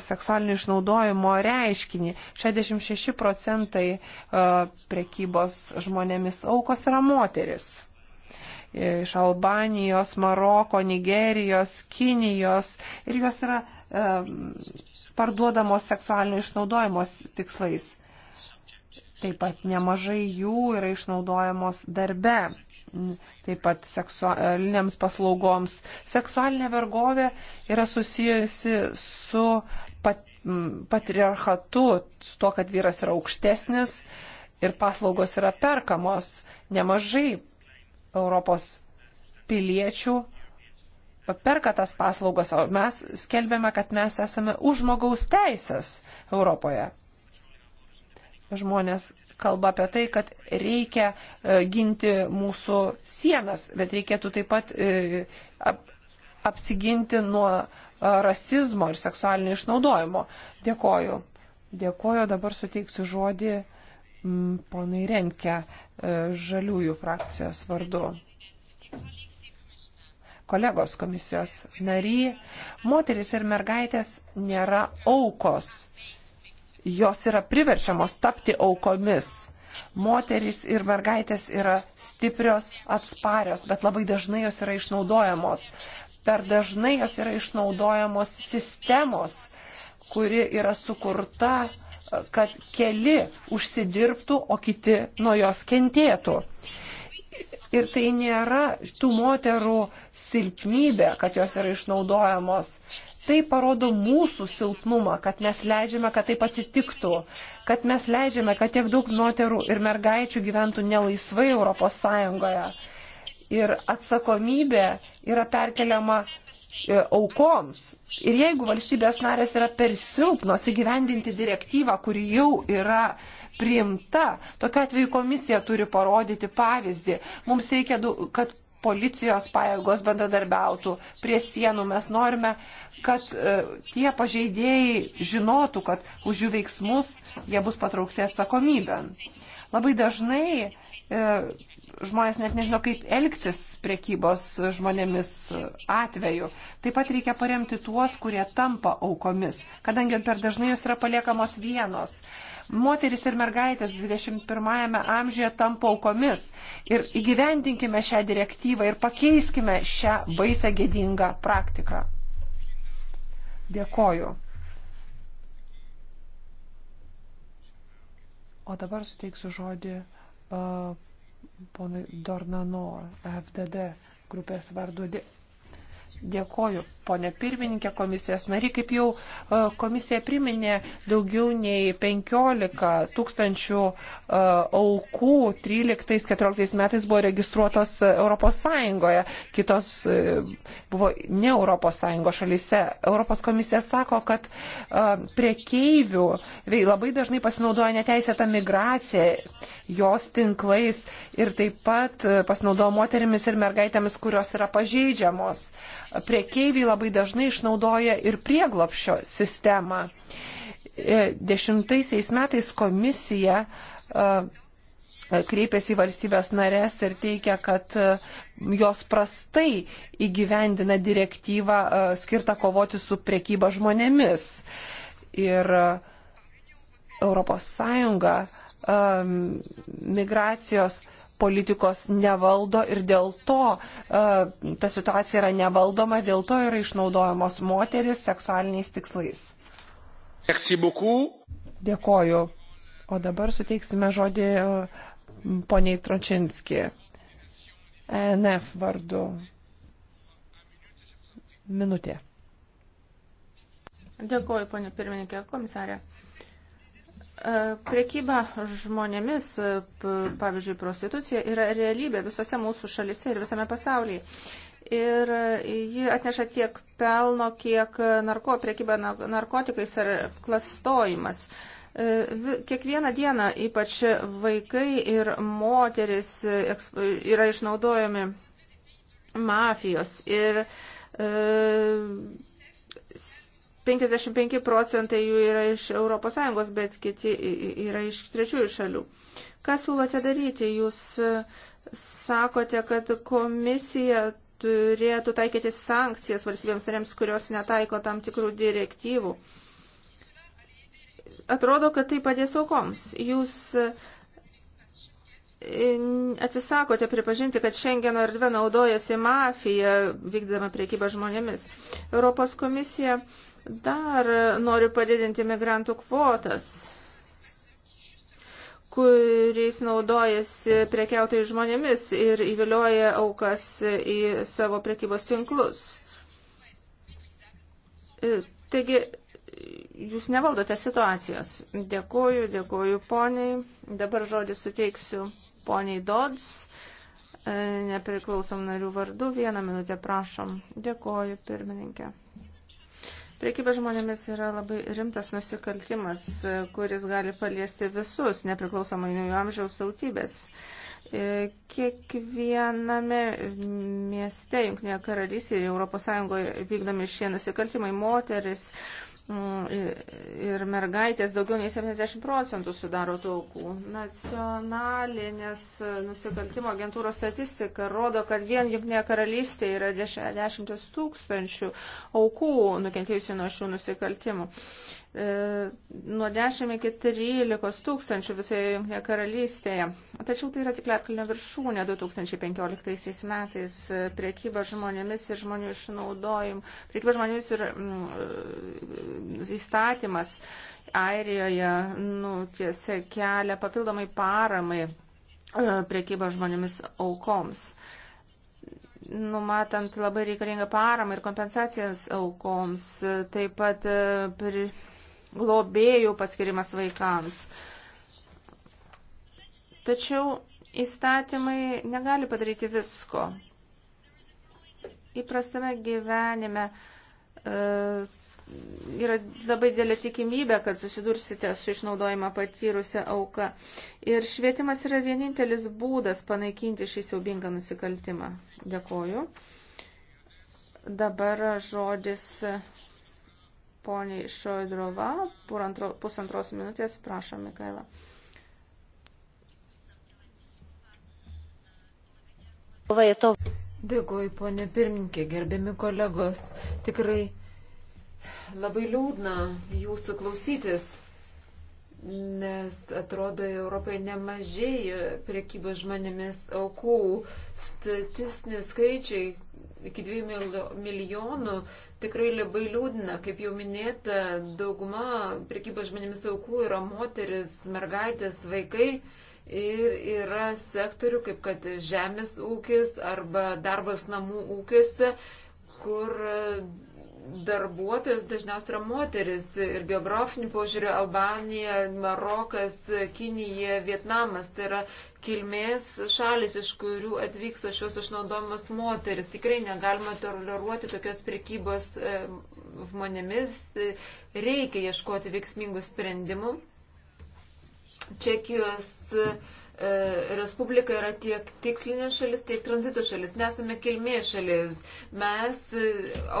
[SPEAKER 1] seksualinio išnaudojimo reiškinį. 66 procentai e, prekybos žmonėmis aukos yra moteris. Iš Albanijos, Maroko, Nigerijos, Kinijos ir jos yra parduodamos seksualinio išnaudojimo tikslais. Taip pat nemažai jų yra išnaudojamos darbe taip pat seksualiniams paslaugoms. Seksualinė vergovė yra susijusi su pat, patriarchatu, su to, kad vyras yra aukštesnis ir paslaugos yra perkamos. Nemažai Europos piliečių perka tas paslaugas, o mes skelbėme, kad mes esame už žmogaus teisės Europoje. Žmonės kalba apie tai, kad reikia e, ginti mūsų sienas, bet reikėtų taip pat e, apsiginti nuo e, rasizmo ir seksualinio išnaudojimo. Dėkoju. Dėkoju, dabar suteiksiu žodį ponai Renke žaliųjų frakcijos vardu. Kolegos komisijos nary, moteris ir mergaitės nėra aukos jos yra priverčiamos tapti aukomis. Moterys ir mergaitės yra stiprios, atsparios, bet labai dažnai jos yra išnaudojamos. Per dažnai jos yra išnaudojamos sistemos, kuri yra sukurta, kad keli užsidirbtų, o kiti nuo jos kentėtų. Ir tai nėra tų moterų silpnybė, kad jos yra išnaudojamos, Tai parodo mūsų silpnumą, kad mes leidžiame, kad taip atsitiktų, kad mes leidžiame, kad tiek daug moterų ir mergaičių gyventų nelaisvai Europos Sąjungoje. Ir atsakomybė yra perkeliama e, aukoms. Ir jeigu valstybės narės yra per silpnos įgyvendinti direktyvą, kuri jau yra priimta, tokiu atveju komisija turi parodyti pavyzdį. Mums reikia, kad policijos pajėgos bendradarbiautų prie sienų. Mes norime, kad e, tie pažeidėjai žinotų, kad už jų veiksmus jie bus patraukti atsakomybę. Labai dažnai e, žmonės net nežino, kaip elgtis priekybos žmonėmis atveju. Taip pat reikia paremti tuos, kurie tampa aukomis, kadangi per dažnai jos yra paliekamos vienos. Moteris ir mergaitės 21-ame amžiuje tampa aukomis. Ir įgyvendinkime šią direktyvą ir pakeiskime šią baisę gėdingą praktiką. Dėkoju. O dabar suteiksiu žodį. Uh, ponui Dornano FDD grupės vardu. Dėkoju, Pone pirmininkė, komisijos nari, kaip jau e, komisija priminė, daugiau nei 15 tūkstančių e, aukų 13-14 metais buvo registruotos ES, kitos e, buvo ne ES šalyse. Europos komisija sako, kad priekeivių labai dažnai pasinaudoja neteisėta migracija jos tinklais ir taip pat pasinaudoja moterimis ir mergaitėmis, kurios yra pažeidžiamos. Priekeiviai labai dažnai išnaudoja ir prieglopšio sistemą. E, dešimtaisiais metais komisija e, kreipiasi į valstybės narės ir teikia, kad e, jos prastai įgyvendina direktyvą skirtą kovoti su priekyba žmonėmis. Ir ES migracijos politikos nevaldo ir dėl to e, ta situacija yra nevaldoma, dėl to yra išnaudojamos moteris seksualiniais tikslais. Dėkoju. O dabar suteiksime žodį e, poniai Tročinski. ENF vardu. Minutė.
[SPEAKER 3] Dėkoju, ponė pirmininkė, komisarė. E, prekyba žmonėmis, e, pavyzdžiui, prostitucija, yra realybė visose mūsų šalise ir visame pasaulyje. Ir e, ji atneša tiek pelno, kiek narko, prekyba narkotikais ar klastojimas. Kiekvieną dieną ypač vaikai ir moteris yra išnaudojami mafijos. Ir 55 procentai jų yra iš ES, bet kiti yra iš trečiųjų šalių. Ką siūlote daryti? Jūs e, sakote, kad komisija turėtų taikyti sankcijas valstybėms narėms, kurios netaiko tam tikrų direktyvų. Atrodo, kad tai padės aukoms. Jūs atsisakote pripažinti, kad Schengeno erdvė naudojasi mafija, vykdama priekybą žmonėmis. Europos komisija dar nori padidinti migrantų kvotas kuriais naudojasi prekiautojai žmonėmis ir įvilioja aukas į savo prekybos tinklus. E, taigi, jūs nevaldote situacijos. Dėkuoju, dėkuoju poniai. Dabar žodį suteiksiu poniai Dodds, e, nepriklausom narių vardu. Vieną minutę prašom. Dėkoju, pirmininkė. Priekyba žmonėmis yra labai rimtas nusikaltimas, e, kuris gali paliesti visus, nepriklausomai nuo jų amžiaus tautybės. E, kiekviename mieste, Junktinėje karalystėje ir ES vykdomi šie nusikaltimai moteris Mm, ir mergaitės daugiau nei 70 procentų sudaro tų aukų. Nacionalinės nusikaltimo agentūros statistika rodo, kad vien Junktinėje karalystėje yra dešimtis tūkstančių aukų nukentėjusių nuo šių nusikaltimų. E, nuo 10 iki 13 tūkstančių visoje Junktinėje karalystėje. Tačiau tai yra tik Lietkalnio viršūnė 2015 metais. E, priekyba žmonėmis ir žmonių išnaudojim. Priekyba žmonėmis ir mm, e, įstatymas Airijoje nu, tiesia kelia papildomai paramai priekyba žmonėmis aukoms numatant labai reikalingą paramą ir kompensacijas aukoms, taip pat globėjų paskirimas vaikams. Tačiau įstatymai negali padaryti visko. Įprastame gyvenime e, yra labai dėlė tikimybė, kad susidursite su išnaudojimą patyrusią auką. Ir švietimas yra vienintelis būdas panaikinti šį siaubingą nusikaltimą. Dėkoju. Dabar žodis poniai Šoidrova, pusantros minutės, prašom, Mikaila.
[SPEAKER 2] Dėkuoju, ponė pirmininkė, gerbiami kolegos. Tikrai labai liūdna jūsų klausytis, nes atrodo, Europoje nemažai priekybos žmonėmis aukų. Statistiniai skaičiai iki 2 milijonų tikrai labai liūdina. Kaip jau minėta, dauguma prekybos žmonėmis aukų yra moteris, mergaitės, vaikai. Ir yra sektorių, kaip kad žemės ūkis arba darbas namų ūkiuose, kur darbuotojas dažniausiai yra moteris ir geografinių požiūrių Albanija, Marokas, Kinija, Vietnamas, tai yra kilmės šalis, iš kurių atvyksta šios išnaudomas moteris. Tikrai negalima toleruoti tokios prekybos e, žmonėmis, reikia ieškoti veiksmingų sprendimų. Čekijos uh, E, Respublika yra tiek tikslinė šalis, tiek tranzito šalis. Nesame kilmės šalis. Mes e,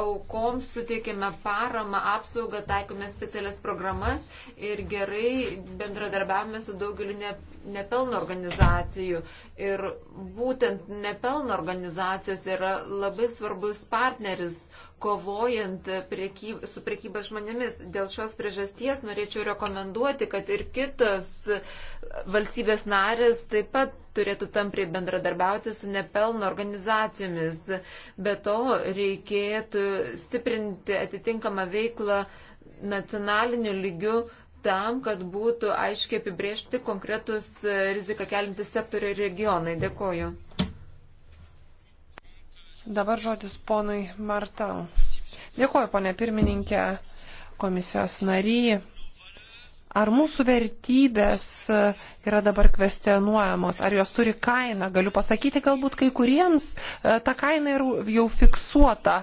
[SPEAKER 2] aukoms suteikėme paramą, apsaugą, taikome specialias programas ir gerai bendradarbiavame su daugeliu ne, nepelno organizacijų. Ir būtent nepelno organizacijos yra labai svarbus partneris kovojant priekyb, su priekyba žmonėmis. Dėl šios priežasties norėčiau rekomenduoti, kad ir kitos valstybės narės taip pat turėtų tampriai bendradarbiauti su nepelno organizacijomis. Be to reikėtų stiprinti atitinkamą veiklą nacionaliniu lygiu tam, kad būtų aiškiai apibriežti konkretus riziką kelintys sektoriai regionai. Dėkoju.
[SPEAKER 1] Dabar žodis ponui Martau. Dėkuoju, ponė pirmininkė, komisijos nary. Ar mūsų vertybės yra dabar kvestionuojamos, ar jos turi kainą? Galiu pasakyti, galbūt kai kuriems e, ta kaina jau fiksuota.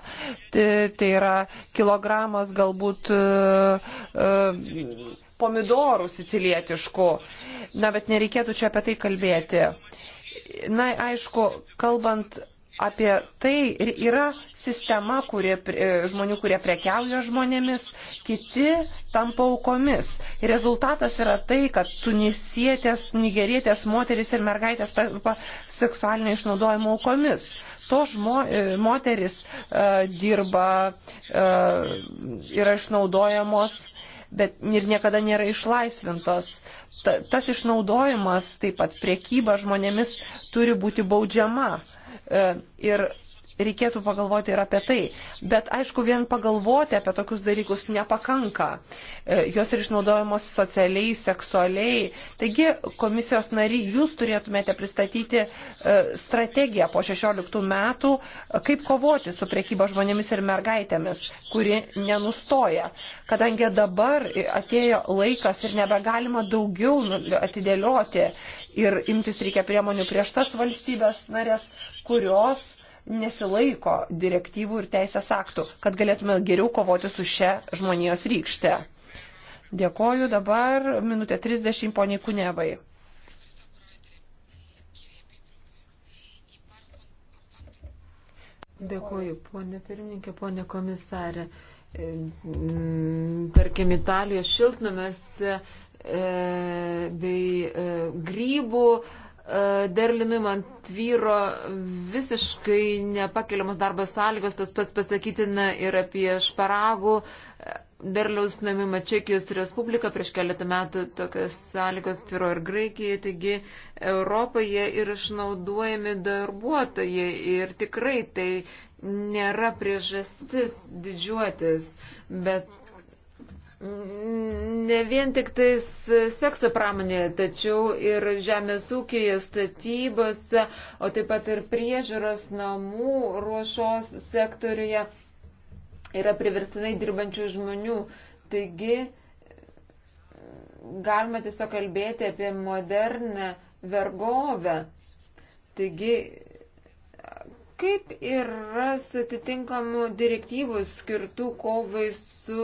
[SPEAKER 1] Tai, tai yra kilogramas galbūt e, e, pomidorų sicilietiškų. Na, bet nereikėtų čia apie tai kalbėti. Na, aišku, kalbant apie tai ir yra sistema kurie, e, žmonių, kurie prekiauja žmonėmis, kiti tampa aukomis. Ir rezultatas yra tai, kad tunisietės, nigerietės moteris ir mergaitės tampa seksualinio išnaudojimo aukomis. To žmo, e, moteris uh, dirba, uh, yra išnaudojamos bet ir niekada nėra išlaisvintos. Ta, tas išnaudojimas, taip pat priekyba žmonėmis turi būti baudžiama E, ir reikėtų pagalvoti ir apie tai. Bet aišku, vien pagalvoti apie tokius dalykus nepakanka. E, jos ir išnaudojamos socialiai, seksualiai. Taigi, komisijos nariai, jūs turėtumėte pristatyti e, strategiją po 16 metų, kaip kovoti su priekyba žmonėmis ir mergaitėmis, kuri nenustoja. Kadangi dabar atėjo laikas ir nebegalima daugiau nu, atidėlioti ir imtis reikia priemonių prieš tas valstybės narės, kurios nesilaiko direktyvų ir teisės aktų, kad galėtume geriau kovoti su šia žmonijos rykšte. Dėkoju dabar minutė 30 poniai
[SPEAKER 2] Kunevai. Dėkoju, ponė pirmininkė, ponė komisarė. E, tarkim, Italijos šiltnamės e, bei e, grybų derlinui man tvyro visiškai nepakeliamas darbas sąlygos, tas pats pasakytina ir apie šparagų e, derliaus namimą Čekijos Respubliką. Prieš keletą metų tokios sąlygos tvyro ir Graikijoje, taigi Europoje ir išnaudojami darbuotojai ir tikrai tai nėra priežastis didžiuotis, bet ne vien tik tais sekso pramonėje, tačiau ir žemės ūkėje, statybose, o taip pat ir priežiūros namų ruošos sektoriuje yra priversinai dirbančių žmonių. Taigi galima tiesiog kalbėti apie modernę vergovę. Taigi kaip yra su atitinkamu direktyvų skirtų kovai su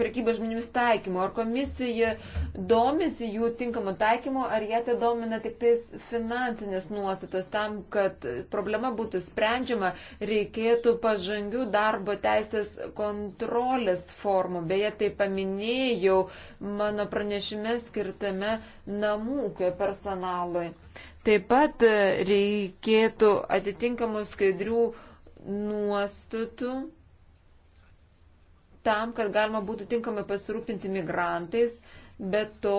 [SPEAKER 2] prekybos žmonėmis taikymo? Ar komisija domisi jų tinkamo taikymo, ar jie tai domina tik tais finansinės nuostatos? Tam, kad problema būtų sprendžiama, reikėtų pažangių darbo teisės kontrolės formų. Beje, tai paminėjau mano pranešime skirtame namų ūkio personalui. Taip pat reikėtų atitinkamų skaidrių nuostatų tam, kad galima būtų tinkamai pasirūpinti migrantais, bet to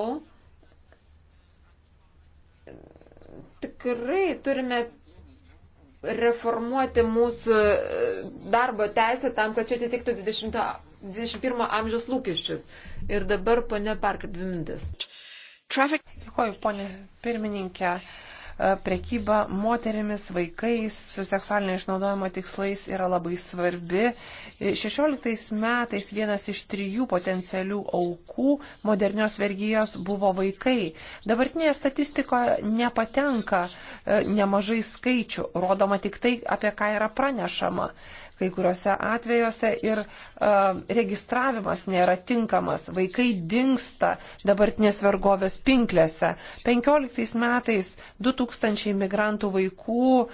[SPEAKER 2] tikrai turime reformuoti mūsų e, darbo teisę tam, kad čia atitiktų 20, 21 amžiaus lūkesčius. Ir dabar, ponė Parker, dvi mintis.
[SPEAKER 1] Traffic... Dėkuoju, ponė pirmininkė. Uh, E, prekyba moterimis, vaikais, seksualinio išnaudojimo tikslais yra labai svarbi. 16 e, metais vienas iš trijų potencialių aukų modernios vergyjos buvo vaikai. Dabartinėje statistikoje nepatenka e, nemažai skaičių, rodoma tik tai, apie ką yra pranešama kai kuriuose atvejuose ir uh, registravimas nėra tinkamas. Vaikai dinksta dabartinės vergovės pinklėse. 15 metais 2000 migrantų vaikų uh,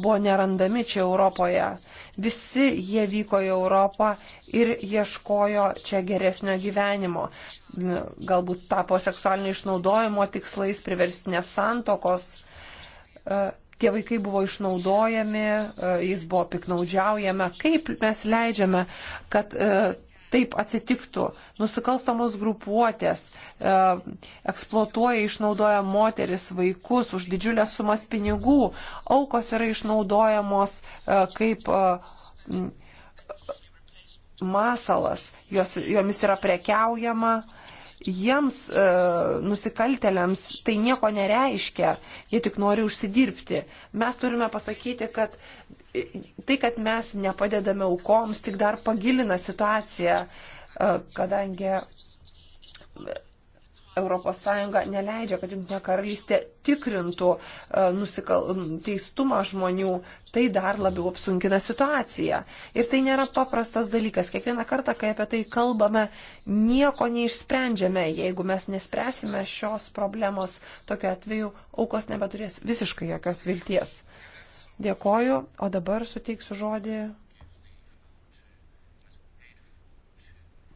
[SPEAKER 1] buvo nerandami čia Europoje. Visi jie vyko į Europą ir ieškojo čia geresnio gyvenimo. Galbūt tapo seksualinio išnaudojimo tikslais, priverstinės santokos. Uh, tie vaikai buvo išnaudojami, e, jais buvo piknaudžiaujama. Kaip mes leidžiame, kad e, taip atsitiktų? Nusikalstamos grupuotės e, eksploatuoja, išnaudoja moteris, vaikus už didžiulės sumas pinigų. Aukos yra išnaudojamos kaip masalas, Jos, jomis yra prekiaujama jiems, e, nusikaltelėms, tai nieko nereiškia, jie tik nori užsidirbti. Mes turime pasakyti, kad e, tai, kad mes nepadedame aukoms, tik dar pagilina situaciją, e, kadangi ES neleidžia, kad Junktinė karalystė tikrintų e, nusikal... teistumą žmonių, tai dar labiau apsunkina situaciją. Ir tai nėra paprastas dalykas. Kiekvieną kartą, kai apie tai kalbame, nieko neišsprendžiame. Jeigu mes nespręsime šios problemos, tokiu atveju aukos nebeturės visiškai jokios vilties. Dėkoju, o dabar suteiksiu žodį.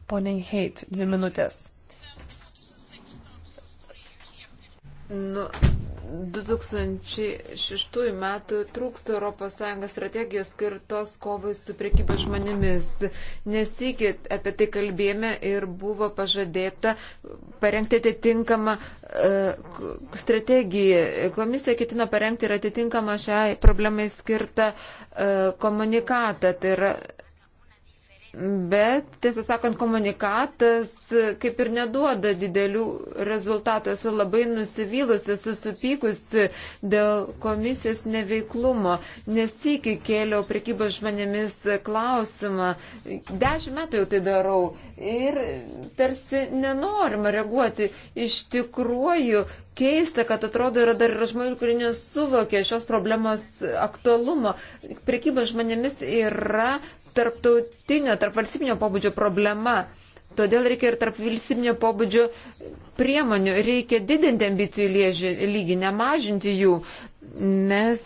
[SPEAKER 1] Pone Heit, dvi minutės.
[SPEAKER 2] Nu, 2006 metų trūksta ES strategijos skirtos kovai su priekyba žmonėmis. Nesikit apie tai kalbėjome ir buvo pažadėta parengti atitinkamą uh, strategiją. Komisija ketina parengti ir atitinkamą šiai problemai skirtą uh, komunikatą. Tai yra Bet, tiesą sakant, komunikatas kaip ir neduoda didelių rezultatų. Esu labai nusivylusi, susipykusi dėl komisijos neveiklumo, nesikį kėliau prekybos žmonėmis klausimą. Dešimt metų jau tai darau ir tarsi nenorima reaguoti. Iš tikrųjų, keista, kad atrodo yra dar yra žmonių, kurie nesuvokia šios problemos aktualumo. Prekyba žmonėmis yra tarptautinio, tarpvalstybinio pobūdžio problema. Todėl reikia ir tarp vilsibinio pobūdžio priemonių, reikia didinti ambicijų lieži, lygį, nemažinti jų, nes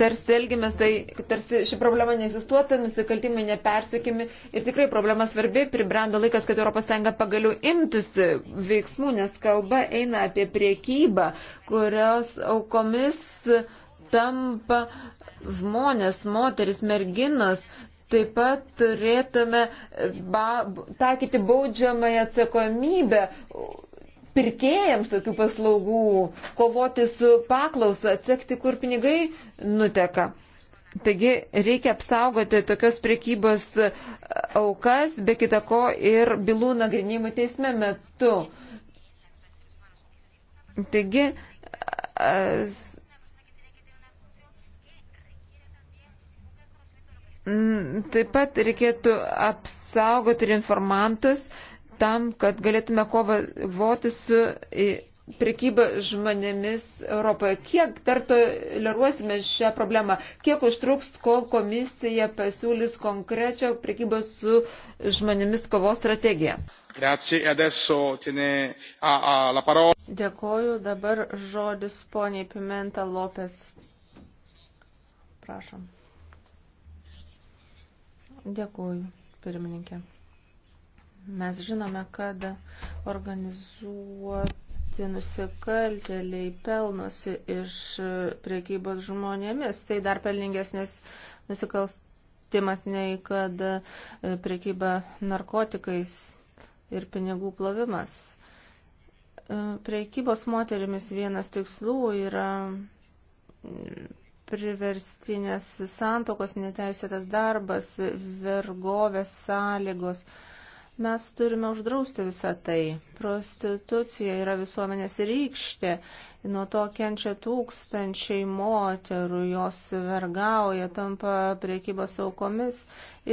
[SPEAKER 2] tarsi elgiamės, tai tarsi ši problema neegzistuota, nusikaltimai nepersiekimi ir tikrai problema svarbi, pribrendo laikas, kad ES pagaliau imtųsi veiksmų, nes kalba eina apie priekybą, kurios aukomis tampa žmonės, moteris, merginos, taip pat turėtume ba, taikyti baudžiamąją atsakomybę pirkėjams tokių paslaugų, kovoti su paklausa, atsekti, kur pinigai nuteka. Taigi reikia apsaugoti tokios priekybos aukas, be kitako ir bylų nagrinimų teisme metu. Taigi, Mm, taip pat reikėtų apsaugoti ir informantus tam, kad galėtume kovoti su prekyba žmonėmis Europoje. Kiek dar toleruosime šią problemą? Kiek užtruks, kol komisija pasiūlys konkrečią prekybą su žmonėmis kovos strategiją?
[SPEAKER 1] E
[SPEAKER 3] Dėkoju. Dabar žodis poniai Pimenta Lopes. Prašom. Dėkuoju, pirmininkė. Mes žinome, kad organizuoti nusikaltėliai pelnosi iš priekybos žmonėmis. Tai dar pelningesnis nusikaltimas nei kad priekyba narkotikais ir pinigų plovimas. Priekybos moterimis vienas tikslų yra priverstinės santokos, neteisėtas darbas, vergovės sąlygos. Mes turime uždrausti visą tai. Prostitucija yra visuomenės rykštė. Nuo to kenčia tūkstančiai moterų, jos vergauja, tampa priekybos aukomis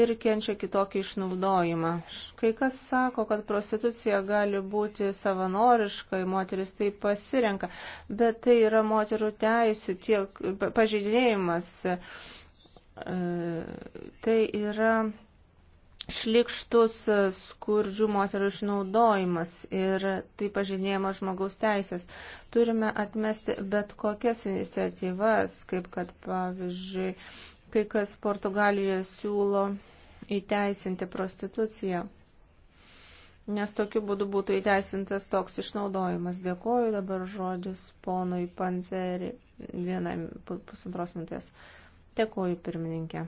[SPEAKER 3] ir kenčia kitokį išnaudojimą. Kai kas sako, kad prostitucija gali būti savanoriška, moteris tai pasirenka, bet tai yra moterų teisų tiek pažeidėjimas. E, tai yra šlikštus e, skurdžių moterų išnaudojimas ir tai pažinėjimas žmogaus teisės. Turime atmesti bet kokias iniciatyvas, kaip kad pavyzdžiui, kai kas Portugalijoje siūlo įteisinti prostituciją, nes tokiu būdu būtų įteisintas toks išnaudojimas. Dėkoju dabar žodis ponui Panzeri vieną pusantros minutės. Dėkoju pirmininkė.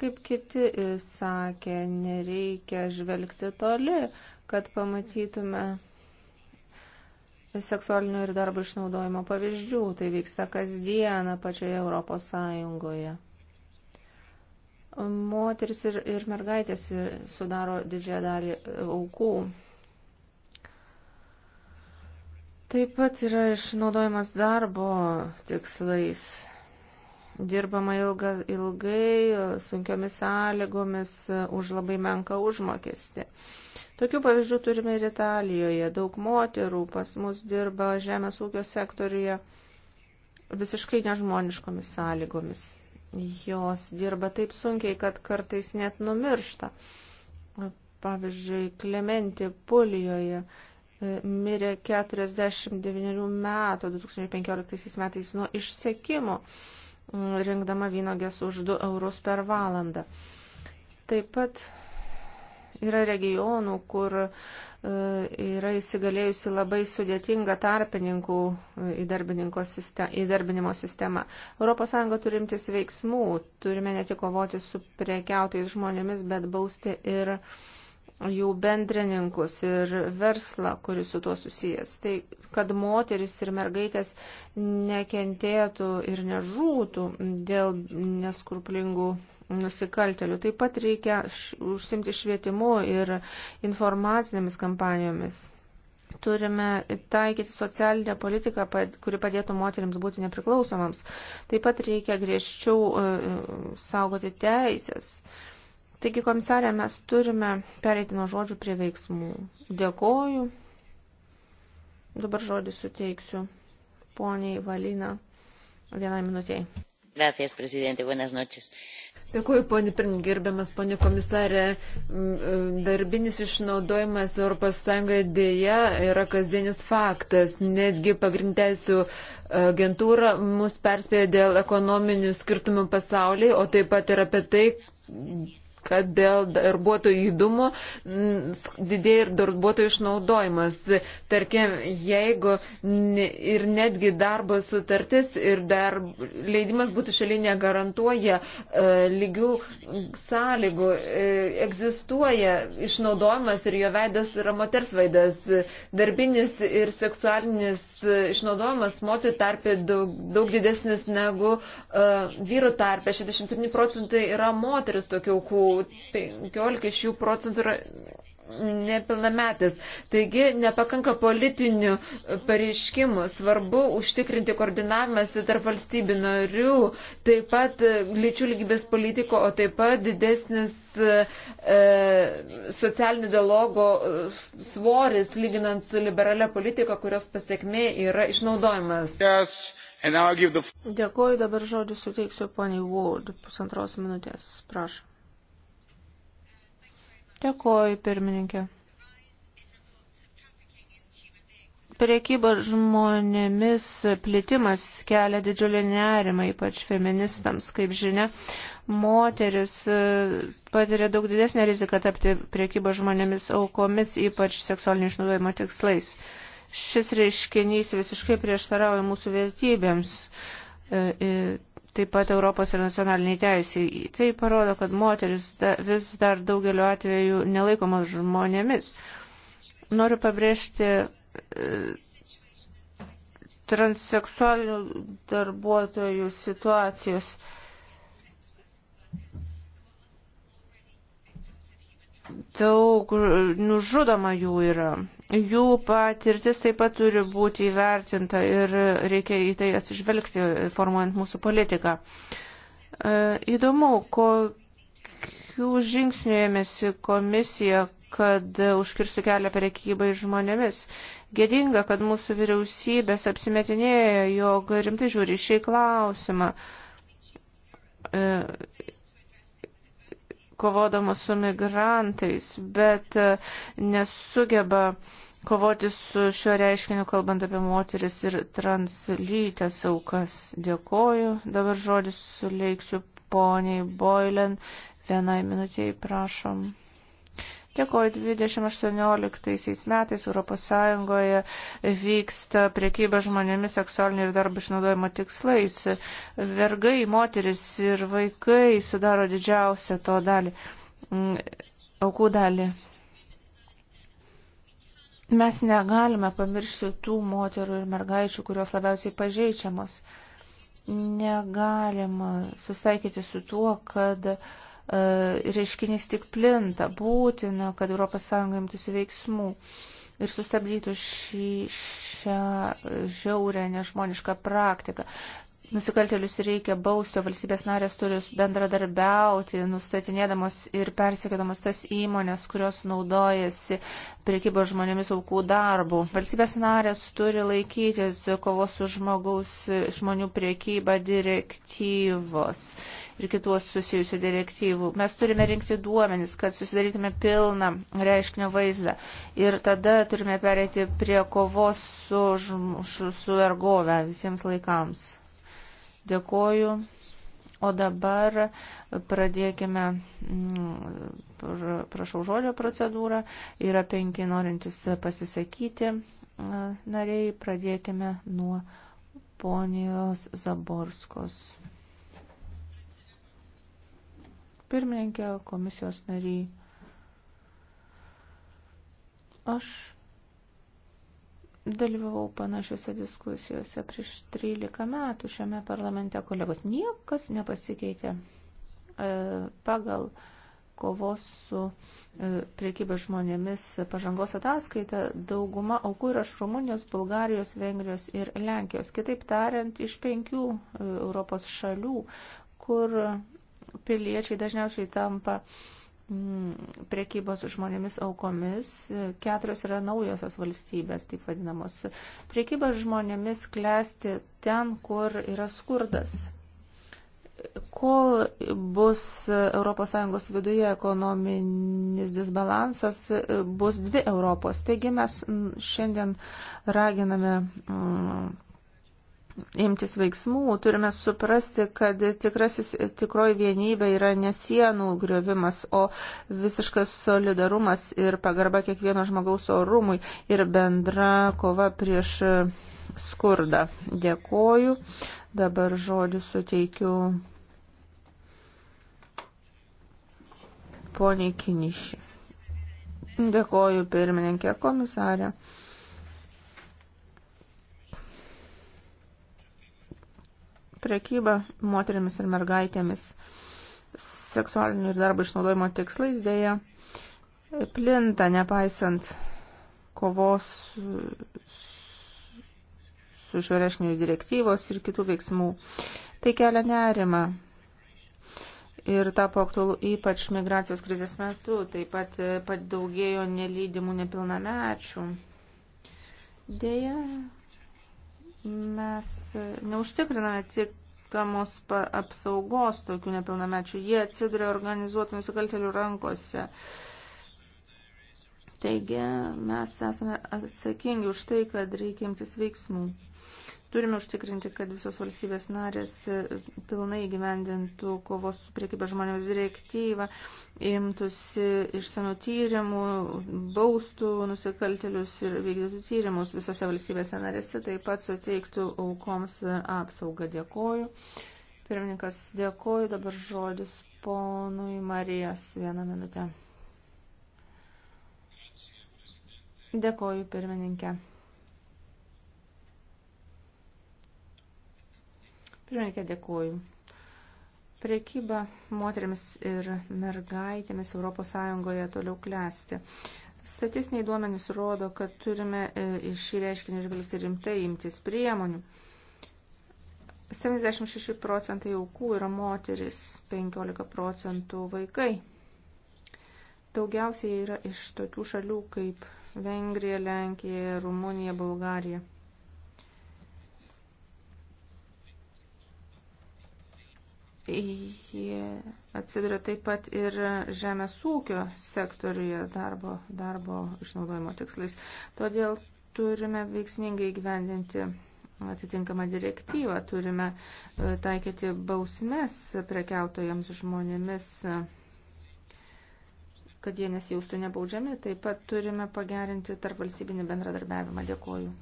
[SPEAKER 3] Kaip kiti e, sakė, nereikia žvelgti toli, kad pamatytume seksualinio ir darbo išnaudojimo pavyzdžių. Tai vyksta kasdieną pačioje Europos Sąjungoje. Moteris ir, ir mergaitės sudaro didžiąją dalį e, aukų. Taip pat yra išnaudojimas darbo tikslais dirbama ilga, ilgai, sunkiomis sąlygomis, už labai menką užmokestį. Tokių pavyzdžių turime ir Italijoje. Daug moterų pas mus dirba žemės ūkio sektoriuje visiškai nežmoniškomis sąlygomis. Jos dirba taip sunkiai, kad kartais net numiršta. Pavyzdžiui, Klementi Pulijoje e, mirė 49 metų 2015 metais nuo išsekimo. Mm, rinkdama vynogės už 2 eurus per valandą. Taip pat yra regionų, kur e, yra įsigalėjusi labai sudėtinga tarpininkų e, įdarbinimo sistema. ES turimtis veiksmų, turime ne tik kovoti su prekiautais žmonėmis, bet bausti ir uh, jų bendrininkus ir verslą, kuris su tuo susijęs. Tai, kad moteris ir mergaitės nekentėtų ir nežūtų dėl neskurplingų nusikaltelių. Taip pat reikia užsimti švietimu ir informacinėmis kampanijomis. Turime taikyti socialinę politiką, kuri padėtų moteriams būti nepriklausomams. Taip pat reikia griežčiau e, e, saugoti teisės. Uh, Taigi, komisarė, mes turime pereiti nuo žodžių prie veiksmų. Dėkoju. Dabar žodį suteiksiu poniai Valina vienai minutėjai.
[SPEAKER 1] Gracias, presidente. Buenas noches.
[SPEAKER 3] Dėkuoju,
[SPEAKER 2] ponė Pirmininkė, gerbiamas ponė komisarė. Darbinis išnaudojimas ES dėja yra kasdienis faktas. Netgi pagrindėsiu agentūra mus perspėja dėl ekonominių skirtumų pasaulyje, o taip pat ir apie tai, kad dėl darbuotojų įdumo mm, didėja ir darbuotojų išnaudojimas. Tarkim, jeigu ir netgi darbo sutartis ir dar leidimas būti šaliai negarantuoja e, lygių sąlygų, e, egzistuoja išnaudojimas ir jo veidas yra moters veidas. Darbinis ir seksualinis e, išnaudojimas moterų tarpė daug, daug didesnis negu uh, vyrų tarpė. 67 procentai yra moteris tokių aukų 15 iš jų procentų yra nepilnametis. Taigi nepakanka politinių pareiškimų, svarbu užtikrinti koordinavimąsi tarp valstybių narių, taip pat lyčių lygybės politiko, o taip pat didesnis e, socialinio dialogo svoris, lyginant su liberalia politika, kurios pasiekmė yra išnaudojimas. Yes.
[SPEAKER 3] The... Dėkuoju, dabar žodį suteiksiu poniai Wood, pusantros minutės, prašau. Dėkoju, pirmininkė. Priekyba žmonėmis plitimas kelia didžiulį nerimą, ypač feministams. Kaip žinia, moteris e, patiria daug didesnę riziką tapti priekyba žmonėmis aukomis, ypač seksualinio išnaudojimo tikslais. Šis reiškinys visiškai prieštarauja mūsų vertybėms e, taip pat Europos ir nacionaliniai teisiai. Tai parodo, kad moteris da, vis dar daugeliu atveju nelaikomos žmonėmis. Noriu pabrėžti e, transseksualinių darbuotojų situacijos. Daug nužudoma jų yra jų patirtis taip pat turi būti įvertinta ir reikia į tai atsižvelgti, formuojant mūsų politiką. E, įdomu, kokių žingsnių ėmėsi komisija, kad užkirstų kelią prekybai žmonėmis. Gėdinga, kad mūsų vyriausybės apsimetinėjo, jog rimtai žiūri šį klausimą e, kovodamos su migrantais, bet e, nesugeba kovoti su šiuo reiškiniu, kalbant apie moteris ir translytės aukas. Dėkoju. Dabar žodis suleiksiu poniai Boilen. Vienai minutėjai prašom. Dėkoju, 2018 metais ES vyksta priekyba žmonėmis seksualinio ir darbo išnaudojimo tikslais. Vergai, moteris ir vaikai sudaro didžiausią to dalį, mm, aukų dalį. Mes negalime pamiršti tų moterų ir mergaičių, kurios labiausiai pažeidžiamos. Negalima susaikyti su tuo, kad uh, E, reiškinys tik plinta, būtina, kad ES imtųsi veiksmų ir sustabdytų šį, šią žiaurę nežmonišką praktiką. Nusikaltelius reikia bausti, o valstybės narės turi bendradarbiauti, nustatinėdamos ir persikėdamos tas įmonės, kurios naudojasi priekybos žmonėmis aukų darbų. Valstybės narės turi laikytis kovos su žmogaus žmonių priekyba direktyvos ir kitos susijusių direktyvų. Mes turime rinkti duomenis, kad susidarytume pilną reiškinio vaizdą ir tada turime pereiti prie kovos su, su, su ergove visiems laikams. Dėkoju. O dabar pradėkime, mm, prašau žodžio procedūrą. Yra penki norintys pasisakyti mm, nariai. Pradėkime nuo ponijos Zaborskos. Pirmininkė, komisijos nariai. Aš dalyvavau panašiuose diskusijuose prieš 13 metų šiame parlamente kolegos. Niekas nepasikeitė. E, pagal kovos su e, priekybės žmonėmis pažangos ataskaita dauguma aukų yra iš Rumunijos, Bulgarijos, Vengrijos ir Lenkijos. Kitaip tariant, iš penkių e, Europos šalių, kur piliečiai dažniausiai tampa uh, Mm, priekybos žmonėmis aukomis keturios yra naujosios valstybės, taip vadinamos. Priekybos žmonėmis klesti ten, kur yra skurdas. Kol bus ES viduje ekonominis disbalansas, bus dvi Europos. Taigi mes šiandien raginame. Mm, imtis veiksmų, turime suprasti, kad tikrasis, tikroji vienybė yra ne sienų griovimas, o visiškas solidarumas ir pagarba kiekvieno žmogaus orumui ir bendra kova prieš skurdą. Dėkoju. Dabar žodį suteikiu poniai Kinišį. Dėkoju pirmininkė komisarė. Prekyba moteriamis ir mergaitėmis seksualinių ir darbo išnaudojimo tikslais dėja plinta, nepaisant kovos su šiorešnių direktyvos ir kitų veiksmų. Tai kelia nerima ir tapo aktualu ypač migracijos krizės metu, taip pat e, padaugėjo nelydimų nepilnamečių. Deja, Mes neužtikriname tinkamos apsaugos tokių nepilnamečių. Jie atsiduria organizuotų nusikaltelių rankose. Taigi mes esame atsakingi už tai, kad reikia imtis veiksmų. Turime užtikrinti, kad visos valstybės narės e, pilnai gyvendintų kovos su priekybė žmonėmis direktyvą, imtųsi išsamių tyrimų, baustų nusikaltelius ir vykdytų tyrimus visose valstybėse narėse, taip pat suteiktų aukoms apsaugą. Dėkoju. Pirmininkas, dėkoju. Dabar žodis ponui Marijas. Vieną minutę. Dėkoju, pirmininkė. Pirmininkė, dėkuoju. Prekyba moteriams ir mergaitėmis ES toliau klesti. Statistiniai duomenys rodo, kad turime e, iš šį reiškinį žvelgti rimtai imtis priemonių. 76 procentai aukų yra moteris, 15 procentų vaikai. Daugiausiai yra iš tokių šalių kaip Vengrija, Lenkija, Rumunija, Bulgarija. jie atsiduria taip pat ir žemės ūkio sektoriuje darbo, darbo išnaudojimo tikslais. Todėl turime veiksmingai gyvendinti atitinkamą direktyvą, turime e, taikyti bausmes prekiautojams žmonėmis e, kad jie nesijaustų nebaudžiami, taip pat turime pagerinti tarp valstybinį bendradarbiavimą. Dėkoju.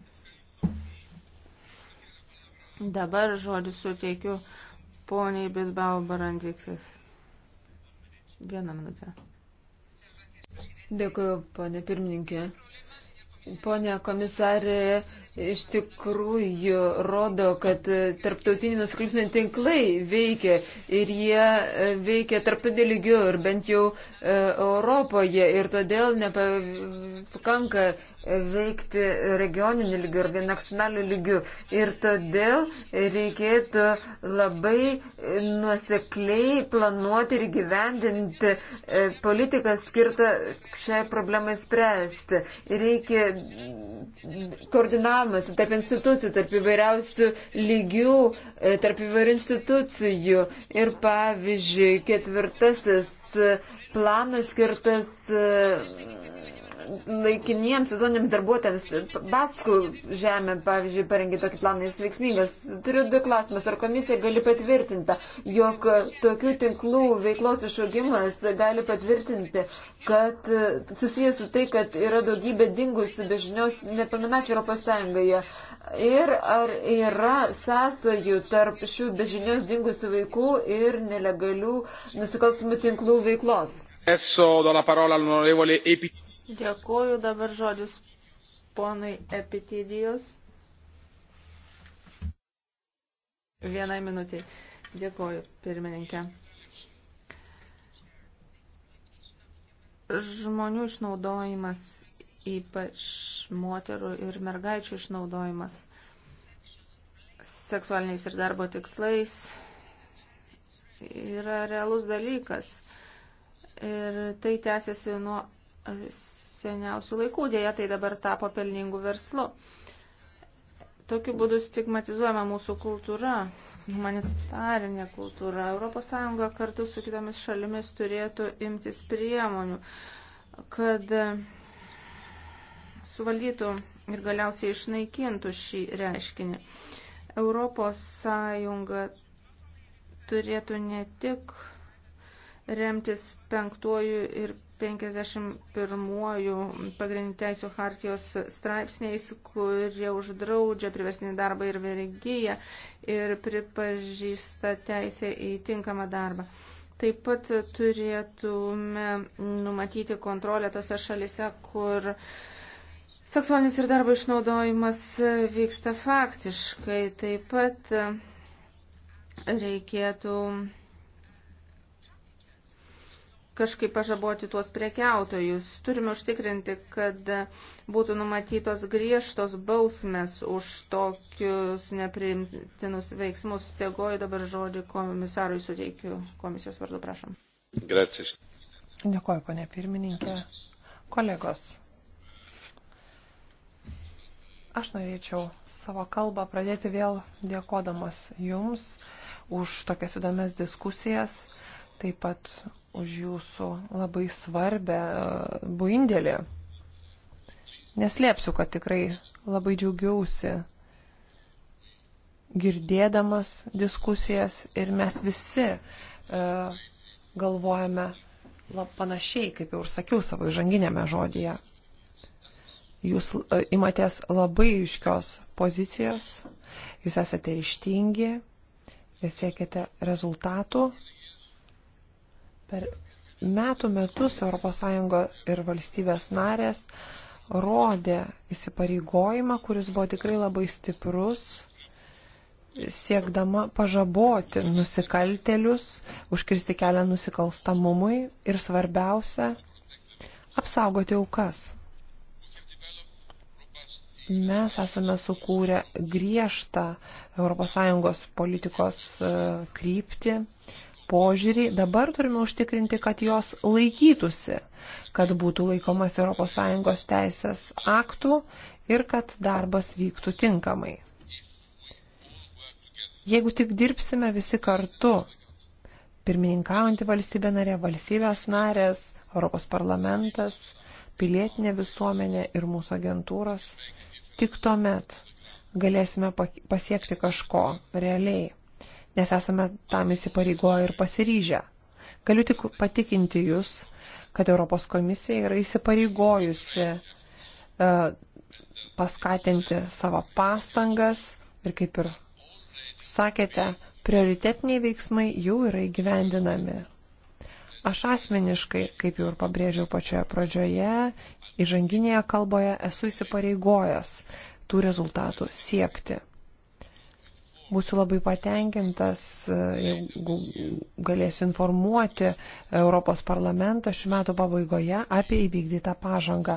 [SPEAKER 3] Dabar žodį suteikiu poniai Bilbao Barandiksis. Vieną minutę. Dėkuoju, ponė
[SPEAKER 2] pirmininkė. Pone komisarė, iš tikrųjų rodo, kad tarptautiniai nusikalstami tinklai veikia ir jie e, veikia tarptautiniu lygiu ir bent jau e, Europoje ir todėl nepakanka veikti regioniniu lygiu ir nacionaliniu lygiu. Ir todėl reikėtų labai nuosekliai planuoti ir gyvendinti e, politiką skirtą šiai problemai spręsti. Reikia koordinavimo bendravimas tarp institucijų, tarp įvairiausių lygių, e, tarp įvairių institucijų. Ir pavyzdžiui, ketvirtasis e, planas skirtas e, laikiniems sezoniniams darbuotojams Baskų žemė, pavyzdžiui, parengė tokį planą, jis veiksmingas. Turiu du klausimus, ar komisija gali patvirtinti, jog tokių tinklų veiklos išaugimas gali patvirtinti, kad susijęs su tai, kad yra daugybė dingusių bežinios nepilnamečių Europos Sąjungoje. Ir ar yra sąsajų tarp šių bežinios dingusių vaikų ir nelegalių nusikalstamų tinklų veiklos? Adesso do la parola all'onorevole Epic.
[SPEAKER 3] Dėkuoju dabar žodžius ponui Epitidijos. Vienai minutiai. Dėkuoju, pirmininkė. Žmonių išnaudojimas, ypač moterų ir mergaičių išnaudojimas seksualiniais ir darbo tikslais yra realus dalykas. Ir tai tęsiasi nuo seniausių laikų, dėja tai dabar tapo pelningų verslu. Tokiu būdu stigmatizuojama mūsų kultūra, humanitarinė kultūra. ES kartu su kitomis šalimis turėtų imtis priemonių, kad suvaldytų ir galiausiai išnaikintų šį reiškinį. ES turėtų ne tik remtis penktuoju ir 51 pagrindinių teisų hartijos straipsniais, kurie uždraudžia priversinį darbą ir vergyją ir pripažįsta teisę į tinkamą darbą. Taip pat turėtume numatyti kontrolę tose šalise, kur seksualinis ir darbo išnaudojimas vyksta faktiškai. Taip pat reikėtų kažkaip pažaboti tuos prekiautojus. Turime užtikrinti, kad būtų numatytos griežtos bausmės už tokius nepriimtinus veiksmus. Tegoju dabar žodį komisarui suteikiu. Komisijos vardu prašom.
[SPEAKER 1] Gracias. Dėkuoju, ponė pirmininkė. Kolegos, aš norėčiau savo kalbą pradėti vėl dėkodamas jums už tokias įdomias diskusijas, taip pat už jūsų labai svarbę e, buindėlį. Neslėpsiu, kad tikrai labai džiaugiausi girdėdamas diskusijas ir mes visi e, galvojame lab, panašiai, kaip jau ir sakiau savo įžanginėme žodėje. Jūs e, imatės labai iškios pozicijos, jūs esate ryštingi, jūs siekiate rezultatų Per metų metus ES ir valstybės narės rodė įsipareigojimą, kuris buvo tikrai labai stiprus, siekdama pažaboti nusikaltelius, užkirsti kelią nusikalstamumui ir svarbiausia - apsaugoti aukas mes esame sukūrę griežtą ES politikos e, kryptį, požiūrį, dabar turime užtikrinti, kad jos laikytųsi, kad būtų laikomas ES teisės aktų ir kad darbas vyktų tinkamai. Jeigu tik dirbsime visi kartu, pirmininkaujantį valstybę narę, valstybės narės, Europos parlamentas, pilietinė visuomenė ir mūsų agentūros, tik tuomet galėsime pasiekti kažko realiai nes esame tam įsipareigoję ir pasiryžę. Galiu tik patikinti Jūs, kad Europos komisija yra įsipareigojusi e, paskatinti savo pastangas ir kaip ir sakėte, prioritetiniai veiksmai jau yra įgyvendinami. Aš asmeniškai, kaip jau ir pabrėžiau pačioje pradžioje, įžanginėje kalboje esu įsipareigojęs tų rezultatų siekti. Būsiu labai patenkintas, e, jeigu galėsiu informuoti Europos parlamentą šių metų pabaigoje apie įvykdytą pažangą.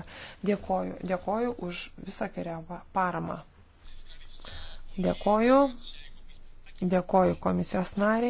[SPEAKER 1] Dėkoju, dėkoju už visą keriamą paramą. Dėkoju, dėkoju komisijos nariai.